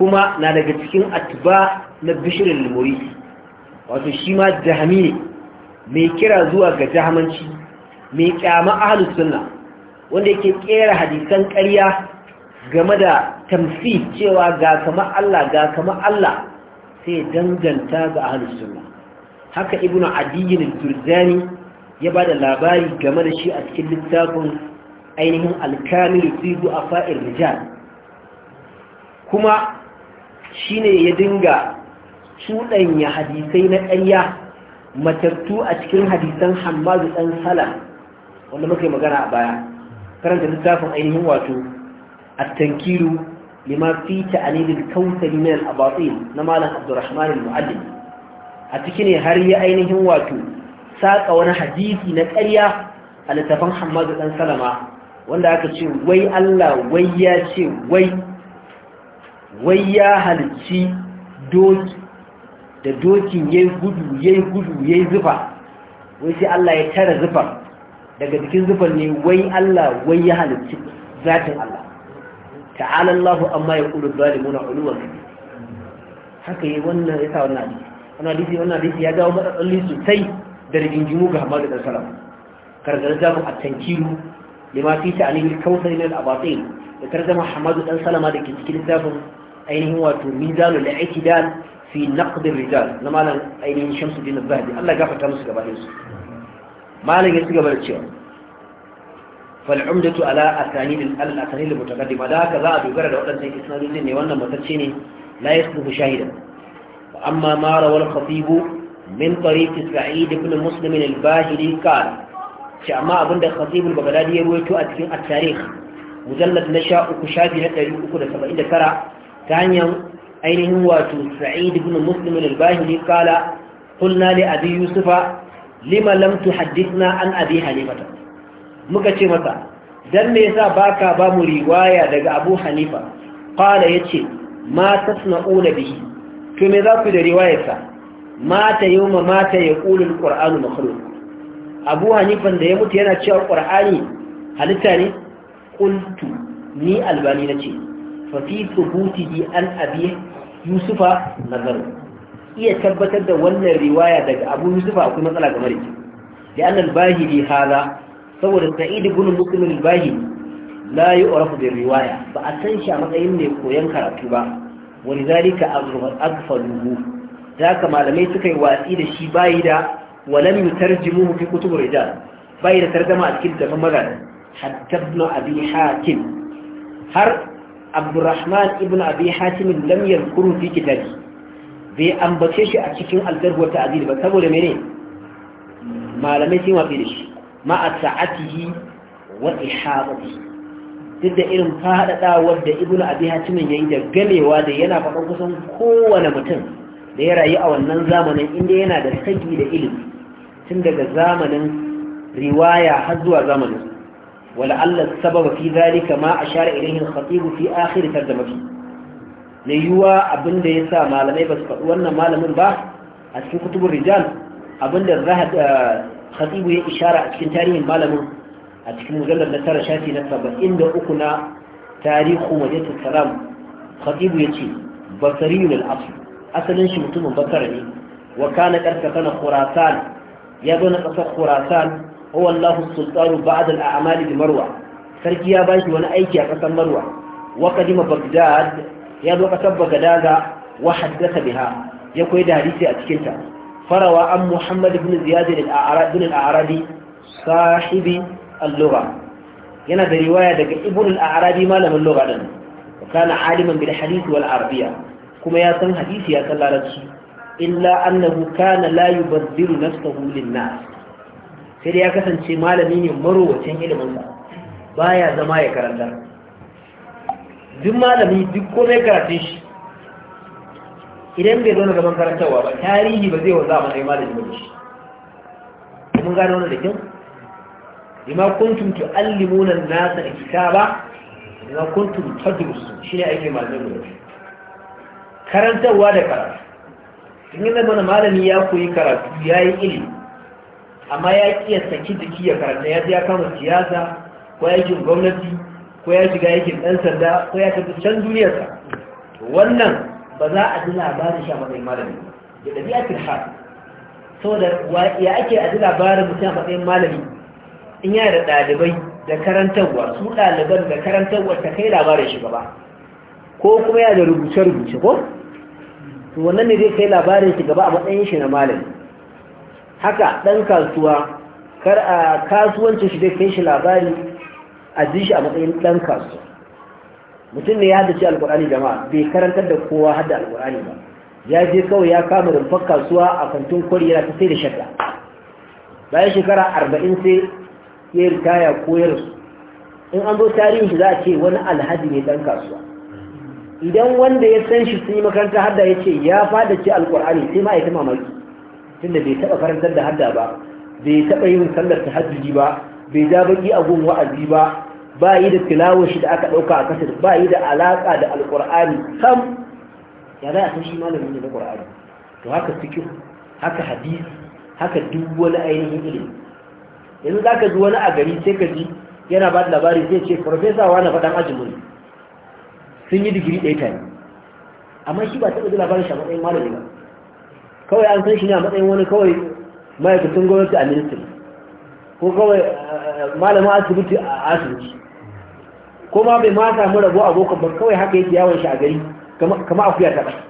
kuma na daga cikin atba na bishirin limori wato shi ma jihami ne mai kira zuwa ga jahamanci mai kyama ahalus suna, wanda yake kera hadisan karya game da tamfi cewa ga kama Allah ga kama Allah sai danganta ga ahalus suna. haka ibnu adiyyin turzani ya ba da labari game da shi a cikin littafin ainihin alkamilu zidu a fa'ir rijal kuma shi ne ya dinga cuɗanya hadisai na ƙarya matattu a cikin hadisan hamadu ɗan sala wanda muka yi magana a baya karanta littafin ainihin wato a tankiru lima fi ta'anidil kawthari min al-abatil na malam abdurrahman al-muallim a cikin ne har ya ainihin wato saka wani hadisi na ƙarya a littafin hamadu ɗan salama wanda aka ce wai Allah wai ya ce wai wai ya halicci doki da dokin yayi gudu yayi gudu yayi zufa wai sai Allah ya tara zufar daga cikin zufar ne wai Allah wai ya halicci zatin Allah ta'ala Allah amma ya qulu zalimuna uluwan haka yi wannan yasa wannan hadisi wannan hadisi wannan hadisi ya dawo matsatsalli sosai da rigingimu ga Hamadu da Salam karkar zamu at-tankiru lima fi ta'lil al-kawthar min al-abatin da tarjama Hamadu dan Salama da ke cikin zafin ainihin wato mizanul i'tidal في نقد الرجال لما لا أي من شمس الدين الظاهر الله قفل كم سكبه يوسف ما لن يسكبه الشيء فالعمدة على الثانين الثانين المتقدم هذا كذا أبي قرر أولا سيك إسناد الدين وأن متشيني لا يسكبه شاهدا وأما ما روى الخطيب من طريق سعيد بن مسلم الباهلي قال شعما أبن الخطيب البغدادي يبويتو أتفين التاريخ مجلد نشأ كشافي نتعي أكد سبعين كرا كان يوم ainihin wato sa'id ibn muslim al-bahili qala qulna li abi yusufa lima lam tuhaddithna an abi hanifa muka ce masa dan me yasa baka ba mu riwaya daga abu hanifa qala yace ma tasna'una bihi to me za ku da riwayarsa mata yawma mata yaqulu al-qur'anu makhluq abu Hanifa da ya mutu yana cewa qur'ani halitta ne qultu ni albani nace fa fi thubutihi an yusufa nazaru iya tabbatar da wannan riwaya daga abu yusufa akwai matsala ga da da annal bahiri hada saboda sa'id ibn muslim al-bahiri la yu'rafu bi riwaya ba a san shi a matsayin mai koyon karatu ba wani zalika aghfaluhu da ka malamai suka yi watsi da shi bayi da walam yutarjimuhu fi kutubur rijal bayi da tarjama a cikin tafsirin magana hatta ibn abi hakim har abdurrahman ibn abi lamyar lam yadhkuru fi kitabi bai ambace shi a cikin algarwa ta azil ba saboda mene malamai sun wafi da shi ma sa'atihi wa ihabati duk da irin faɗaɗawar da ibn abi hatim yayi da gamewa da yana faɗan kusan kowane mutum da ya rayu a wannan zamanin inda yana da sagi da ilimi tun daga zamanin riwaya har zuwa zamanin ولعل السبب في ذلك ما أشار إليه الخطيب في آخر ترجمته ليوا أبن ليسا ما لم يبس وأن ما لم ينبع أسكن كتب الرجال أبن الرهد خطيب هي إشارة أسكن تاريخ ما لم أسكن مجلد نتارة شاتي نتبع إن أكنا تاريخ مدينة السلام خطيب يتي بصري للأصل أصلا شمتم بصرني وكان أرسلنا خراسان يظن قصة خراسان huwa Allahu sultanu ba'd al-a'mal bi Marwa sarki ya bashi wani aiki a kasar Marwa wa kadima Baghdad ya zo kasar Baghdad wa haddatha biha ya koyi da hadisi a cikin ta farawa an Muhammad ibn Ziyad al al-A'radi sahibi al-lugha yana da riwaya daga Ibn al-A'radi malamin lugha din kana aliman bil hadith wal arabiyya kuma ya san hadisi ya san larabci illa annahu kana la yubaddiru nafsahu lin nas sai ya kasance malami ne marowacin iliminsa baya zama ya karanta duk malami duk komai karatun shi idan bai zo na gaban karantarwa ba tarihi ba zai wanzu a matsayin malami ba shi kuma gano wani da kyau lima kuntum tu'allimuna nasa da kitaba lima kuntum tadrusu shine ake malamin da karantarwa da karatu in yana mana malami ya koyi karatu ya yi ilimi amma ya iya saki jiki ya karanta ya ya kama siyasa ko ya yi gwamnati ko ya shiga yakin ɗan sanda ko ya tafi can duniyarsa wannan ba za a ji labarin shi a matsayin malami da ɗabi'a tilhar saboda ya ake a ji labarin mutum a matsayin malami in ya da ɗalibai da karantarwa su ɗaliban da karantarwa ta kai labarin shi gaba ko kuma ya da rubuce-rubuce ko to wannan ne zai kai labarin shi gaba a matsayin shi na malami haka ɗan kasuwa kar a kasuwancin shi dai kai shi labari a ji shi a matsayin ɗan kasuwa mutum ne ya Alƙur'ani da jama'a bai karantar da kowa hadda Alƙur'ani ba ya je kawai ya kama rumfar kasuwa a kantin kwari yana ta sai da shakka bayan shekara arba'in sai ya ritaya koyar su in an zo tarihin shi za a ce wani alhaji ne ɗan kasuwa idan wanda ya san shi sun yi makaranta hadda ya ce ya ci Alƙur'ani sai ma'aikata mamaki tunda bai taɓa karantar da hadda ba bai taɓa yin sallar tahajjudi ba bai ja baki a gun wa'azi ba ba yi da tilawar shi da aka ɗauka a kasar ba yi da alaƙa da alƙur'ani sam ya za a san shi malamin ne na ƙur'ani to haka fikir haka hadisi haka duk wani ainihin ilimi yanzu za ka ji wani a gari sai ka ji yana ba da labari sai ce farfesa wani faɗan ajimin sun yi digiri ɗaya tare amma shi ba taɓa ji labarin shi a matsayin malami ba kawai an san shi ne a matsayin wani kawai ma'aikacin gwamnati a ministry ko kawai eh, eh, malama asibiti a asibiti ko ma bai ma samu rabo boko ba kawai haka yake yawon shi a gari kama akuya ta ɓai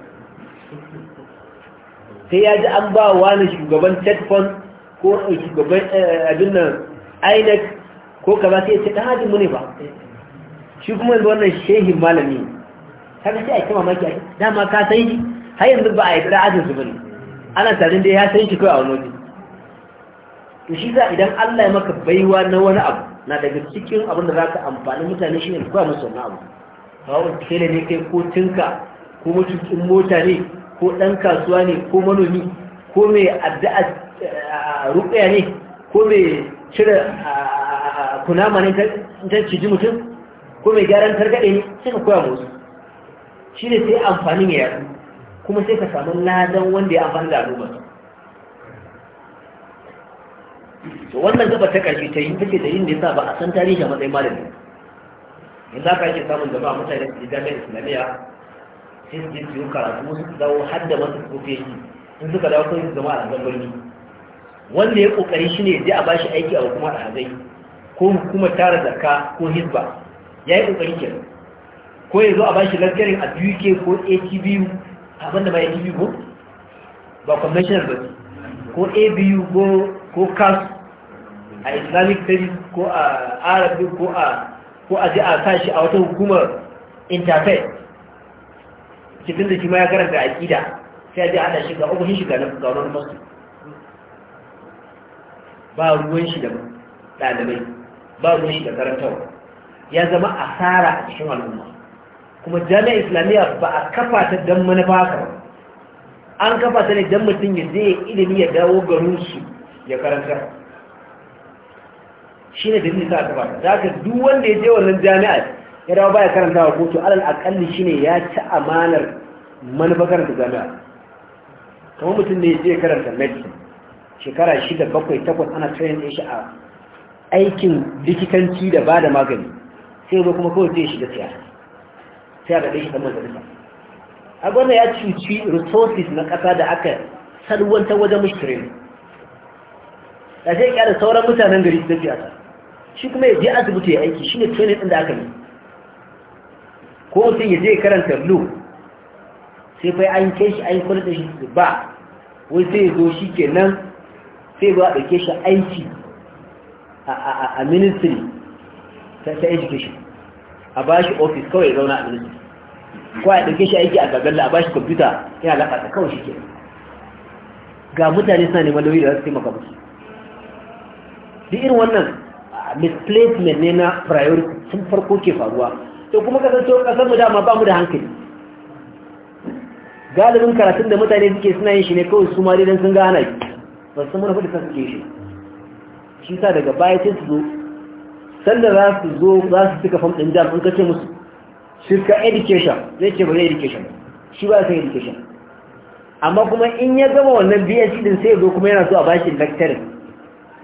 sai ya ji an ba wani shugaban tekfon ko eh, shugaban abin nan inec ko kaza sai ya ce ɗan hajji mune ba shi kuma yanzu wannan shehin malami ta ga sai a kama maki a dama ka sai har yanzu ba a yi kira ajin su bane ana tarin da ya san ki kawai a wani waje to shi za idan Allah ya maka baiwa na wani abu na daga cikin abin da za ka amfani mutane shi ne kawai musu wani abu kawo tela ne kai ko tinka ko mutukin mota ne ko ɗan kasuwa ne ko manomi ko mai addu'a eh, ruɓaya ne ko mai cire eh, kunama ne ta ciji mutum ko mai gyaran gade ne sai ka koya musu shi ne sai amfanin ya yaɗu kuma sai ka samu ladan wanda ya amfani da al'umma to wannan gaba ta karfi ta yi take da yin da yasa ba a san tarihi a matsayin malami yanzu aka yake samun da ba mutane da jami'a islamiyya sai su je su yi karatu su dawo har da masu kofi in suka dawo kawai su zama a birni wanda ya kokari shi ne zai a bashi aiki a hukumar hazai ko hukumar tara zakka ko hizba ya yi kokari kenan ko ya zo a bashi lantarin a uk ko atbu abinda ya biyu ko ba conventional ba ko abu ko ko kas a islamic studies ko a arabic ko a ko a ji'a a shi a wata hukumar interfaith cikin da shi ma ya karanta a aƙida sai a ji a haɗa shi ga ofishin shiga na gaunar masu ba ruwan shi da ɗalibai ba ruwan shi da karantarwa ya zama asara a cikin al'umma kuma jami'a islamiyya ba a kafa ta don manufa ka ba an kafa ta ne don mutum ya zai ilimi ya dawo garinsu ya karanta shi ne dalilin sa kafa ta haka duk wanda ya je wannan jami'a ya dawo baya karanta wa kotu alal akalli shi ne ya ci amanar manufa karanta jami'a kamar mutum ne ya je karanta medicine shekara shida bakwai takwas ana train shi a aikin likitanci da ba da magani sai zo kuma kawai zai shiga siyasa sai a da shi dan majalisa a gwamna ya cuci resources na ƙasa da aka salwanta wajen mushkirin da zai kyara sauran mutanen gari da ta. shi kuma ya je asibiti ya aiki shi ne training ɗin da aka yi ko mutum ya je karanta lu sai fai an kai shi an kwalita shi ba wai sai ya zo shi ke nan sai ba a ɗauke shi aiki a ministry ta education a ba shi ofis kawai ya zauna a ɗin ko da ɗauke shi aiki a gagalla a ba shi kwamfuta ya alaƙa ta kawai shi ke ga mutane suna neman lauyi da za su taimaka musu duk irin wannan misplacement ne na priority sun farko ke faruwa to kuma kasancewa kasar mu dama ba mu da hankali galibin karatun da mutane suke suna yin shi ne kawai su ma dai don sun gana ba su mana fadi sa suke shi shi sa daga baya sai su zo sanda za su zo za su cika fam ɗin jam'in in ka ce musu shirka education zai ce ba zai education shi ba sai education amma kuma in ya gama wannan bsc din sai zo kuma yana so a bashi lecturing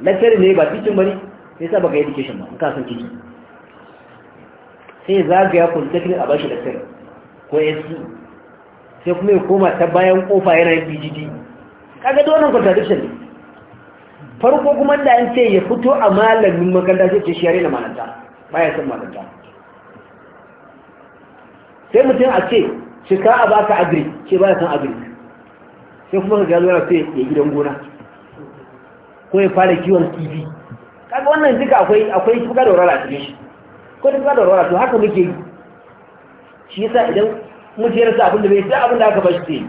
lecturing ne ba teaching ne sai sa baka education ba ka san teaching sai ya polytechnic a bashi lecturing ko sc sai kuma ya koma ta bayan kofa yana yin bgd kaga da wannan contradiction ne farko kuma da an ce ya fito a malamin makanta sai ce shari'a na malanta baya san malanta sai mutum a ce shika a baka agri ce baya san agri sai kuma ka gano yana sai ya gidan gona ko ya fara kiwon kifi kaga wannan duka akwai akwai tuka da warara a cikin shi ko tuka da warara to haka muke yi shi yasa idan mutum ya rasa abin da bai sai abin da aka bashi sai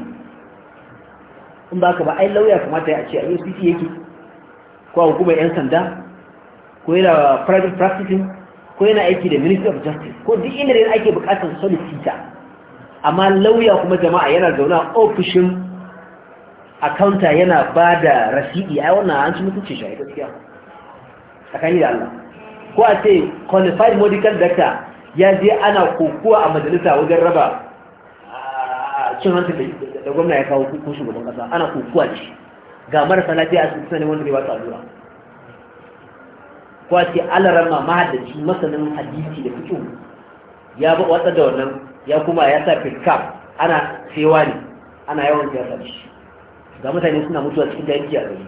in ba ka ba ai lauya kamata ya ce a yi yake ko a hukumar 'yan sanda ko yana private practicing ko yana aiki da ministry of justice ko duk inda yana ake bukatar solicitor amma lauya kuma jama'a yana zaune a ofishin akaunta yana ba da rasidi ai wannan an ci mutunci shi gaskiya tsakani da Allah ko a ce qualified medical doctor ya je ana kokuwa a majalisa wajen raba ah, cin hanci da gwamna ya kawo ko shugaban kasa ana kokuwa ce. ga marasa lafiya a cikin sanin wanda bai wata allura ko a ce alarama mahaddaci masanin hadisi da fito ya ba watsa da wannan ya kuma ya sa fitka ana cewa ne ana yawan siyasa sa shi ga mutane suna mutuwa cikin yanki a gari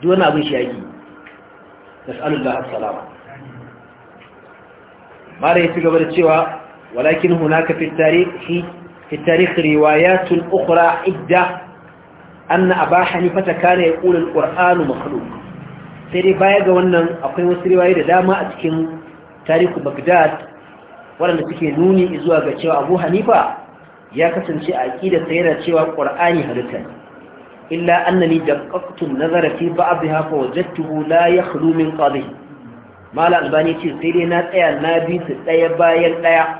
duk wani abin shi yaki nas'alullah as-salama mara ya ci gaba da cewa walakin hunaka fitari التاريخ في التاريخ روايات أخرى عدة anna aba hanifata kana yaqulu alqur'anu makhluq sai dai baya ga wannan akwai wasu riwayoyi da dama a cikin tarihu bagdad waɗanda suke nuni zuwa ga cewa abu hanifa ya kasance a aƙidar sa da cewa qur'ani halitta illa annani daqqaqtu an-nazara fi ba'dha fa wajadtuhu la yakhlu min qadihi mala albani ce sai dai na tsaya na bi su daya bayan daya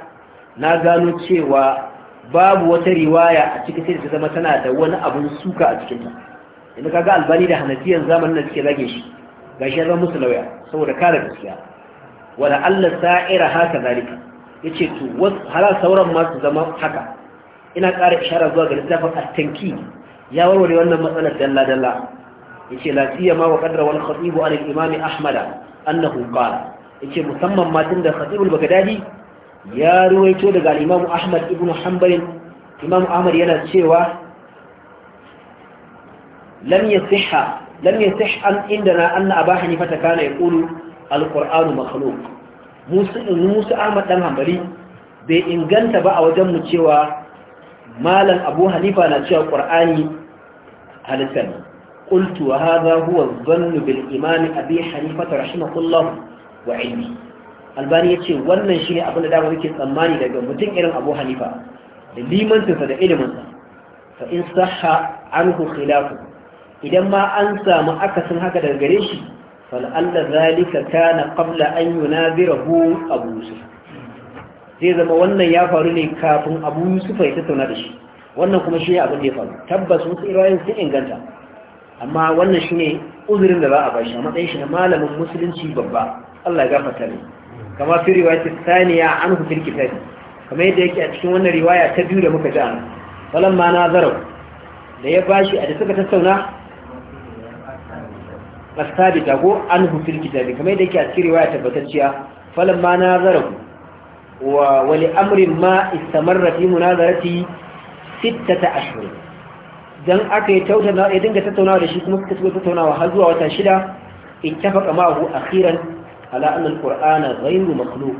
na gano cewa babu wata riwaya a cikin sai ta zama tana da wani abun suka a ta. inda kaga albani da hanafiyan zamanin da suke zage shi ga shi musu lauya saboda kare gaskiya wala Allah sa'ira haka zalika yace to hala sauran ma su zama haka ina ƙara ishara zuwa ga littafin at-tanki ya warware wannan matsalar dalla dalla yace la siyama wa qadra wal khatib an al-imam ahmad annahu qala yace musamman ma tunda khatib al-baghdadi ya ruwaito daga Imam Ahmad ibn Hanbal Imam Ahmad yana cewa lam yasihha lam yasih an indana anna Abu Hanifa kana yaqulu al-Qur'anu makhluq Musa Musa Ahmad dan Hanbali bai inganta ba a wajen mu cewa malam Abu Hanifa na cewa Qur'ani halitta قلت وهذا هو الظن بالإمام أبي حنيفة رحمه الله وعلمه albani ya ce wannan shi ne abin da dama muke tsammani daga mutum irin abu hanifa da limantinsa da iliminsa fa in sahha anhu idan ma an samu akasin haka daga gare shi fal'alla zalika kana qabla an yunazirahu abu yusuf zai zama wannan ya faru ne kafin abu yusuf ya tattauna da shi wannan kuma shi ne abin da ya faru tabbas wasu irayen sun inganta amma wannan shi ne uzurin da za a bashi a matsayin shi na malamin musulunci babba Allah ya gafarta ne kama fi riwayat thaniya anhu fil kitab kama yadda yake a cikin wannan riwaya ta biyu da muka ji an falamma nazaru da ya bashi a da suka tattauna asabita ko anhu fil kitab kama yadda yake a cikin riwaya tabbatacciya ma nazaru wa wali amrin ma istamarra fi munazarati sittata ashhur dan aka yi tautauna ya dinga tattaunawa da shi kuma suka tattaunawa har zuwa wata shida ittafaqa ma'ahu akhiran ala annal qur'ana ghayru makhluq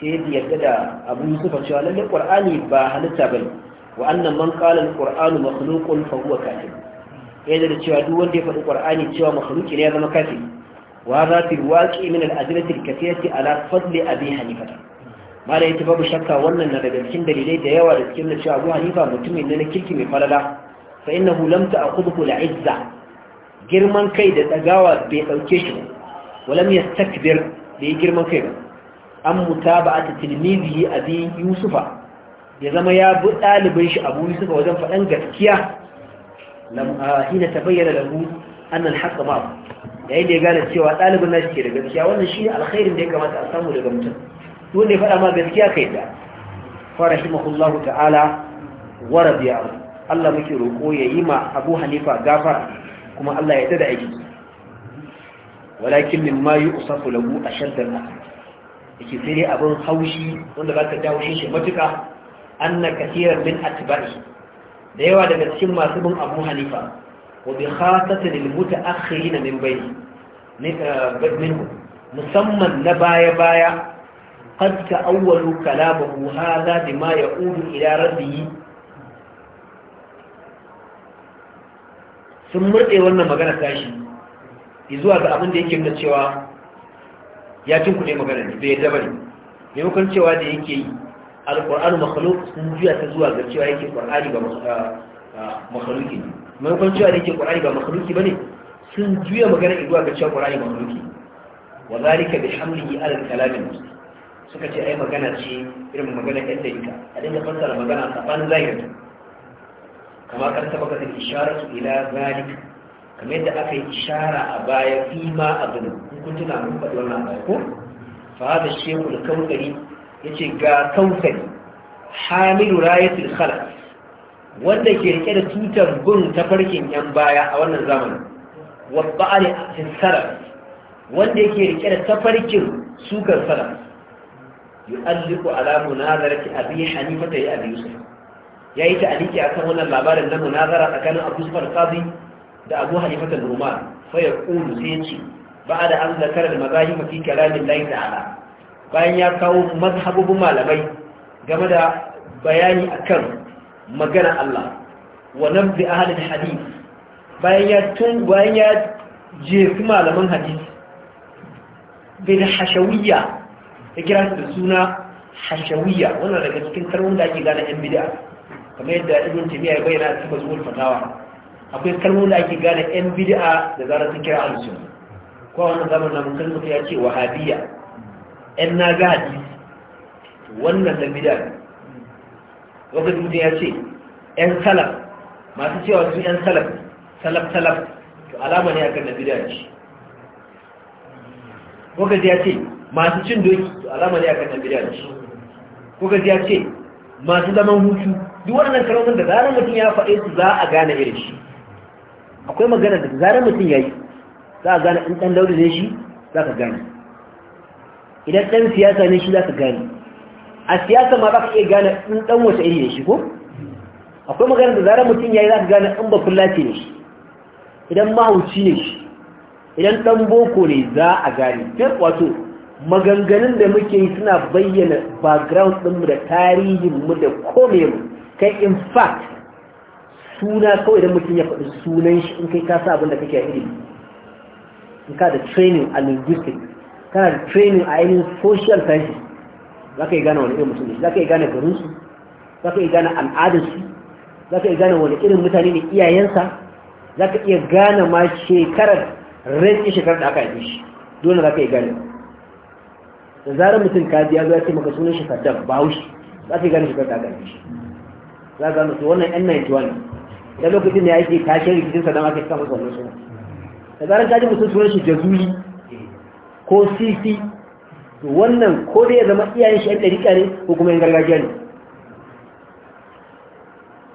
sai da yadda da abu Yusufa cewa lalle qur'ani ba halitta bane wa annan man qala al makhluqun fa huwa kafir yadda da cewa duk wanda ya faɗi qur'ani cewa makhluqi ne ya zama kafiri wa za fi waqi min al-adillati al-kathirati ala fadli abi hanifa mala yace babu shakka wannan na daga cikin dalilai da yawa da cikin na cewa abu hanifa mutumin ne na kirki mai falala fa innahu lam ta'khudhu al-izza girman kai da tsagawa bai dauke shi ba walam yastakbir bai girman kai ba an mutaba'at tilmizihi abi yusufa ya zama ya bi ɗalibin shi abu yusufa wajen faɗan gaskiya hina ta bayyana lahu annal haqqa yayin da ya gane cewa ɗalibin nashi ke da gaskiya wannan shine alkhairin da ya kamata a samu daga mutum duk wanda ya faɗa ma gaskiya kai da fa rahimahullahu ta'ala wa radiya Allah muke roƙo ya yi ma Abu Hanifa gafara kuma Allah ya tada aiki walakin min ma yi usafu lagu a shaddar na yake sai dai abin haushi wanda ba ka jawo shi matuka an na kasirar min atibari da yawa daga cikin masu bin abu hanifa wa bi khasatin ilmuta akhirin min bai eh, minhu musamman na baya-baya قد تأولوا كلامه هذا بما يقول إلى ربه sun murɗe wannan magana tashi zuwa ga abin da yake nuna cewa ya cin kuɗe magana ne bai yadda bane maimakon cewa da yake yi alƙur'anu makhluk sun juya ta zuwa ga cewa yake ƙur'ani ba makhaluki ne maimakon cewa da yake ƙur'ani ba makhaluki bane sun juya magana zuwa ga cewa ƙur'ani makhaluki wa zalika bi hamlihi ala kalamin suka ce ai magana ce irin magana ɗan dalika a dinga fassara magana a tsakanin zahiri kamar karta baka ta isharatu ila zalika kamar yadda aka yi ishara a baya fi ma abin kun tuna mun faɗi wannan baya ko fa da shekul ya ce ga kaukari hamilu rayatul khalq wanda ke rike da tutar gun tafarkin yan baya a wannan zamanin wa ba'ali salaf wanda ke rike da tafarkin sukar salaf yu'alliqu ala munazarati abi hanifa da abi yusuf yayi ta aliki akan wannan labarin na munazara tsakanin abu yusuf al-qadi da abu hanifata al-umar fa ya sai ya ce ba da an zakar da mazahima fi kalamin da ala. bayan ya kawo mazhabubun malamai game da bayani akan magana Allah wa nabbi ahalin hadith bayan ya tun bayan ya jefi malaman hadith bil hashawiyya ya kira su da suna hashawiyya wannan daga cikin tarwon da ake gane yan bid'a kamar yadda ibn tabiya ya bayyana a cikin mazmul fatawa akwai kalmomi da ake gane yan bid'a da zarar sun kira ahlus sunna ko wannan zaman na mun mutu ya ce wahabiya yan na ga wannan da bid'a ne wanda mutum ya ce yan salaf masu cewa su yan salaf salaf salaf to alama ne akan da bid'a ce ko ya ce masu cin doki to alama ne akan da bid'a ce ko ya ce masu zaman hutu duk wannan kalmomin da zarar mutum ya faɗe su za a gane irin shi akwai magana da zarar mutum ya yi za a gane in ɗan lauri ne shi za ka gane idan ɗan siyasa ne shi za ka gane a siyasa ma za ka iya gane in ɗan wata iri ne shi ko akwai magana da zarar mutum ya yi za ka gane in ba ce ne shi idan mahauci ne shi idan ɗan boko ne za a gane wato maganganun da muke yi suna bayyana background ɗinmu da tarihinmu da komemu kai in fact suna kawai idan mutum ya faɗi sunan shi in kai ka sa abin da kake a ilimi in ka da training a linguistics kana da training a ainihin social sciences za ka yi gane wani irin mutum ne za ka yi gane garinsu za ka yi gane al'adarsu za ka yi gane wani irin mutane ne iyayensa za ka iya gane ma shekarar rai shekarar da aka yi shi dole za ka yi gane da zarar mutum ka biya zuwa ce maka sunan shekarar da ba wuce za ka yi gane shekarar da aka yi shi za ka gano su wannan 91 da lokacin da yake tashin rikicin sa dan aka kama wannan suna da zaran kaji mutum sunan shi jazuli ko sisi wannan ko da ya zama iyayen shi ɗan ɗariƙa ne ko kuma yin gargajiya ne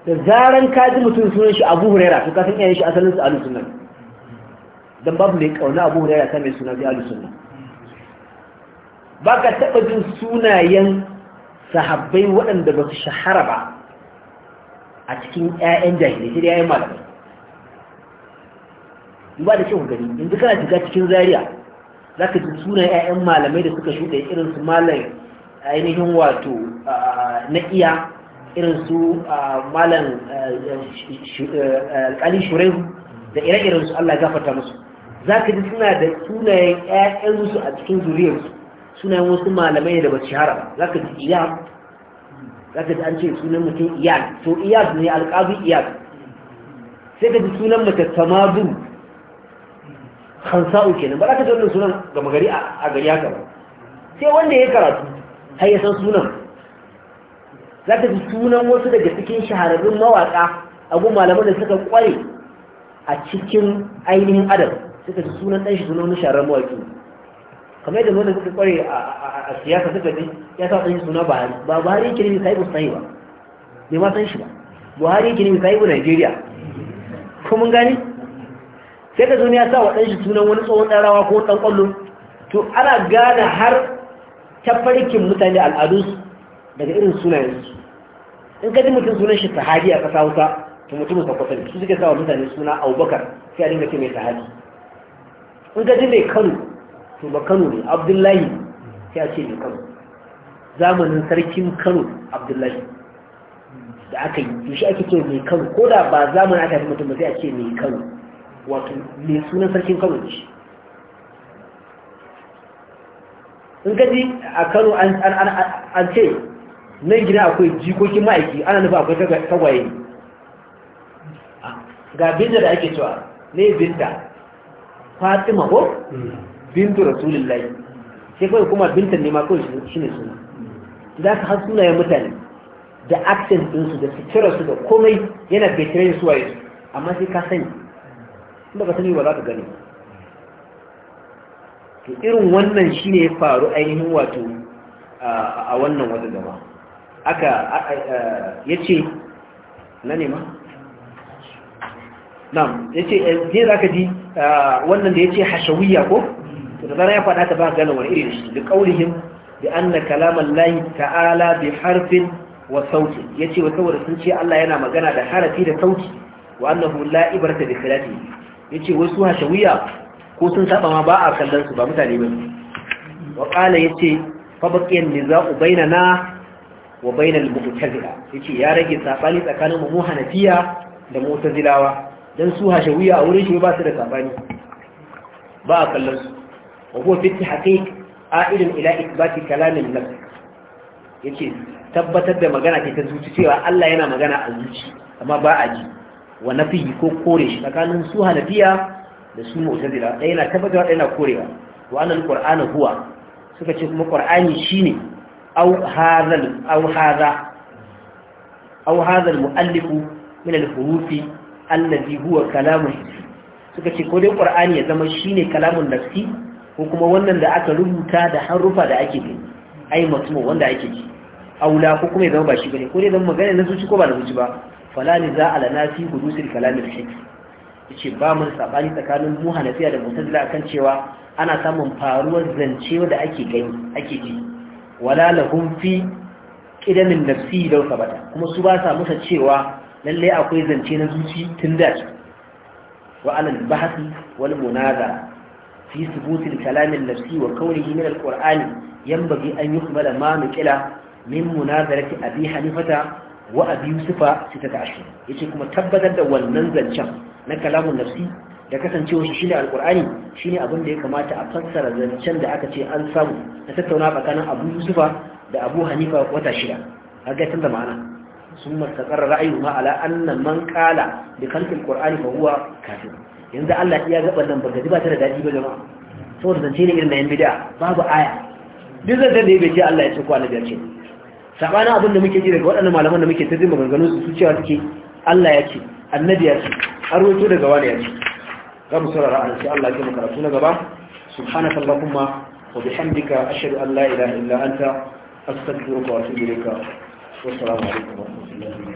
da zaran kaji mutum sunan shi abu hurera to kasan iyayen shi asalin su alu sunna dan babu mai kauna abu hurera ta mai suna bi alu sunna ba ka taɓa jin sunayen sahabbai waɗanda ba su shahara ba a cikin ƴaƴan jahilai sai yi malamai ba da kyau gani yanzu kana shiga cikin zaria za ka ji sunan ƴaƴan malamai da suka shuɗe irin su malam ainihin wato na iya irin su malam alƙalin shuraihu da ire-iren su Allah gafarta musu za ka ji suna da sunayen ƴaƴansu a cikin zuriyarsu sunayen wasu malamai da ba shahara ba za ka ji iya zaka ji an ce sunan mutum iyad to iyad ne alqabi iyad sai ka ji sunan mace tamadu khansa'u kenan ba za ka ji wannan sunan ga magari a gari haka ba sai wanda ya karatu har ya san sunan za ka ji sunan wasu daga cikin shahararrun mawaƙa a gun malaman da suka kware a cikin ainihin adam ka ji sunan ɗan shi sunan shahararrun mawaki mawaƙi kamar yadda da suka kware a siyasa suka ji ya sa sun suna buhari ba buhari yake nemi sahibu sahi ba Mai ma san shi ba buhari yake nemi sahibu najeriya ko mun gani? sai ka zo ya sa wa shi sunan wani tsohon ɗan rawa ko ɗan ƙwallo to ana gane har tafarkin mutane al'adunsu daga irin sunayen su. in ka ji mutum sunan shi sahadi a ƙasa hausa to mutumin sakwata ne su suke sa wa mutane suna abubakar sai a dinga ce mai sahadi in ka ji mai kano to ba kano ne abdullahi sai a ce ne kano zamanin sarkin kano abdullahi da aka yi to shi ake ce mai kano ko da ba zamanin aka fi mutum ba sai a ce mai kano wato mai sunan sarkin kano ne shi in gaji a kano an ce nan gina akwai jikokin ma'aiki ana nufa akwai tagwaye ga binta da ake cewa ne binta fatima ko mm. bintu rasulullahi sai kawai kuma bintan ne ma kawai shi ne suna da ka har ya mutane da accent ɗinsu da sutura su da komai yana betirayin su waye amma sai ka sani in ba ka sani ba za ka gani to irin wannan shi ne ya faru ainihin wato a wannan wata gaba aka ya ce na nema na ya ce zai eh, za ka ji ah, wannan da ya ce hashawiya ko to da ya faɗa ta ba gano wani irin shi da kaulihim bi anna kalaman lahi ta'ala bi harfin wa sauti yace wa saboda sun ce Allah yana magana da harafi da sauti wa annahu la ibrata bi khilafi yace wasu hashawiya ko sun saba ma ba a kallon su ba mutane ba wa qala ce fa baqiyan nizau bainana wa bainal mu'tazila yace ya rage sabani tsakanin mu hanafiya da mu'tazilawa dan su hashawiya a wurin shi ba su da sabani ba a kallon su وهو في التحقيق عائد إلى إثبات كلام النفس yake tabbatar da magana ke ta zuci cewa Allah yana magana a zuci amma ba a ji wa nafi ko kore shi tsakanin su hanafiya da su mu'tazila ɗaya yana tabbatar da yana korewa wa annal qur'ana huwa suka ce kuma qur'ani shine aw hadhal aw hadha aw hadha al muallif min al hurufi allazi huwa kalamu suka ce ko dai qur'ani ya zama shine kalamun nafsi ko kuma wannan da aka rubuta da harufa da ake gani ai mutum wanda ake ji aula ko kuma ya zama ba shi bane ko dai zama magana na zuci ko ba na zuci ba falani za ala nafi hudusul kalam al hikm yace ba mun sabani tsakanin mu hanafiya da mu'tazila akan cewa ana samun faruwar zance da ake gani ake ji wala lahum fi kidamin nafsi law sabata kuma su ba sa musa cewa lalle akwai zance na zuci tun da wa alal bahasi wal munazara في ثبوت الكلام النفسي وكونه من القرآن ينبغي أن يقبل ما نقل من مناظرة أبي حنيفة وأبي يوسف ستة عشر يتكما تبتا والننزل شم نكلام النفسي da kasancewa shi shine alkur'ani shine abin da ya kamata a fassara zancen da aka ce an samu na tattauna tsakanin abu yusufa da abu hanifa wata shida kaga da ma'ana sun mastaqarra ra'ayi ala anna man qala da khalqi alqur'ani fa huwa yanzu Allah ya gaban nan baka ji ba ta da daɗi ba jama'a saboda zance ne irin na yan bid'a babu aya duk zan da ya Allah ya ce ko annabi ya ce sabana abin da muke ji daga waɗannan malaman da muke tazi maganganun su cewa suke Allah ya ce annabi ya ce arwato daga wani ya ce za mu saurara a sai Allah ya mu karatu na gaba subhanaka allahumma wa bihamdika ashhadu an la ilaha illa anta astaghfiruka wa atubu ilayka wa assalamu alaikum wa rahmatullahi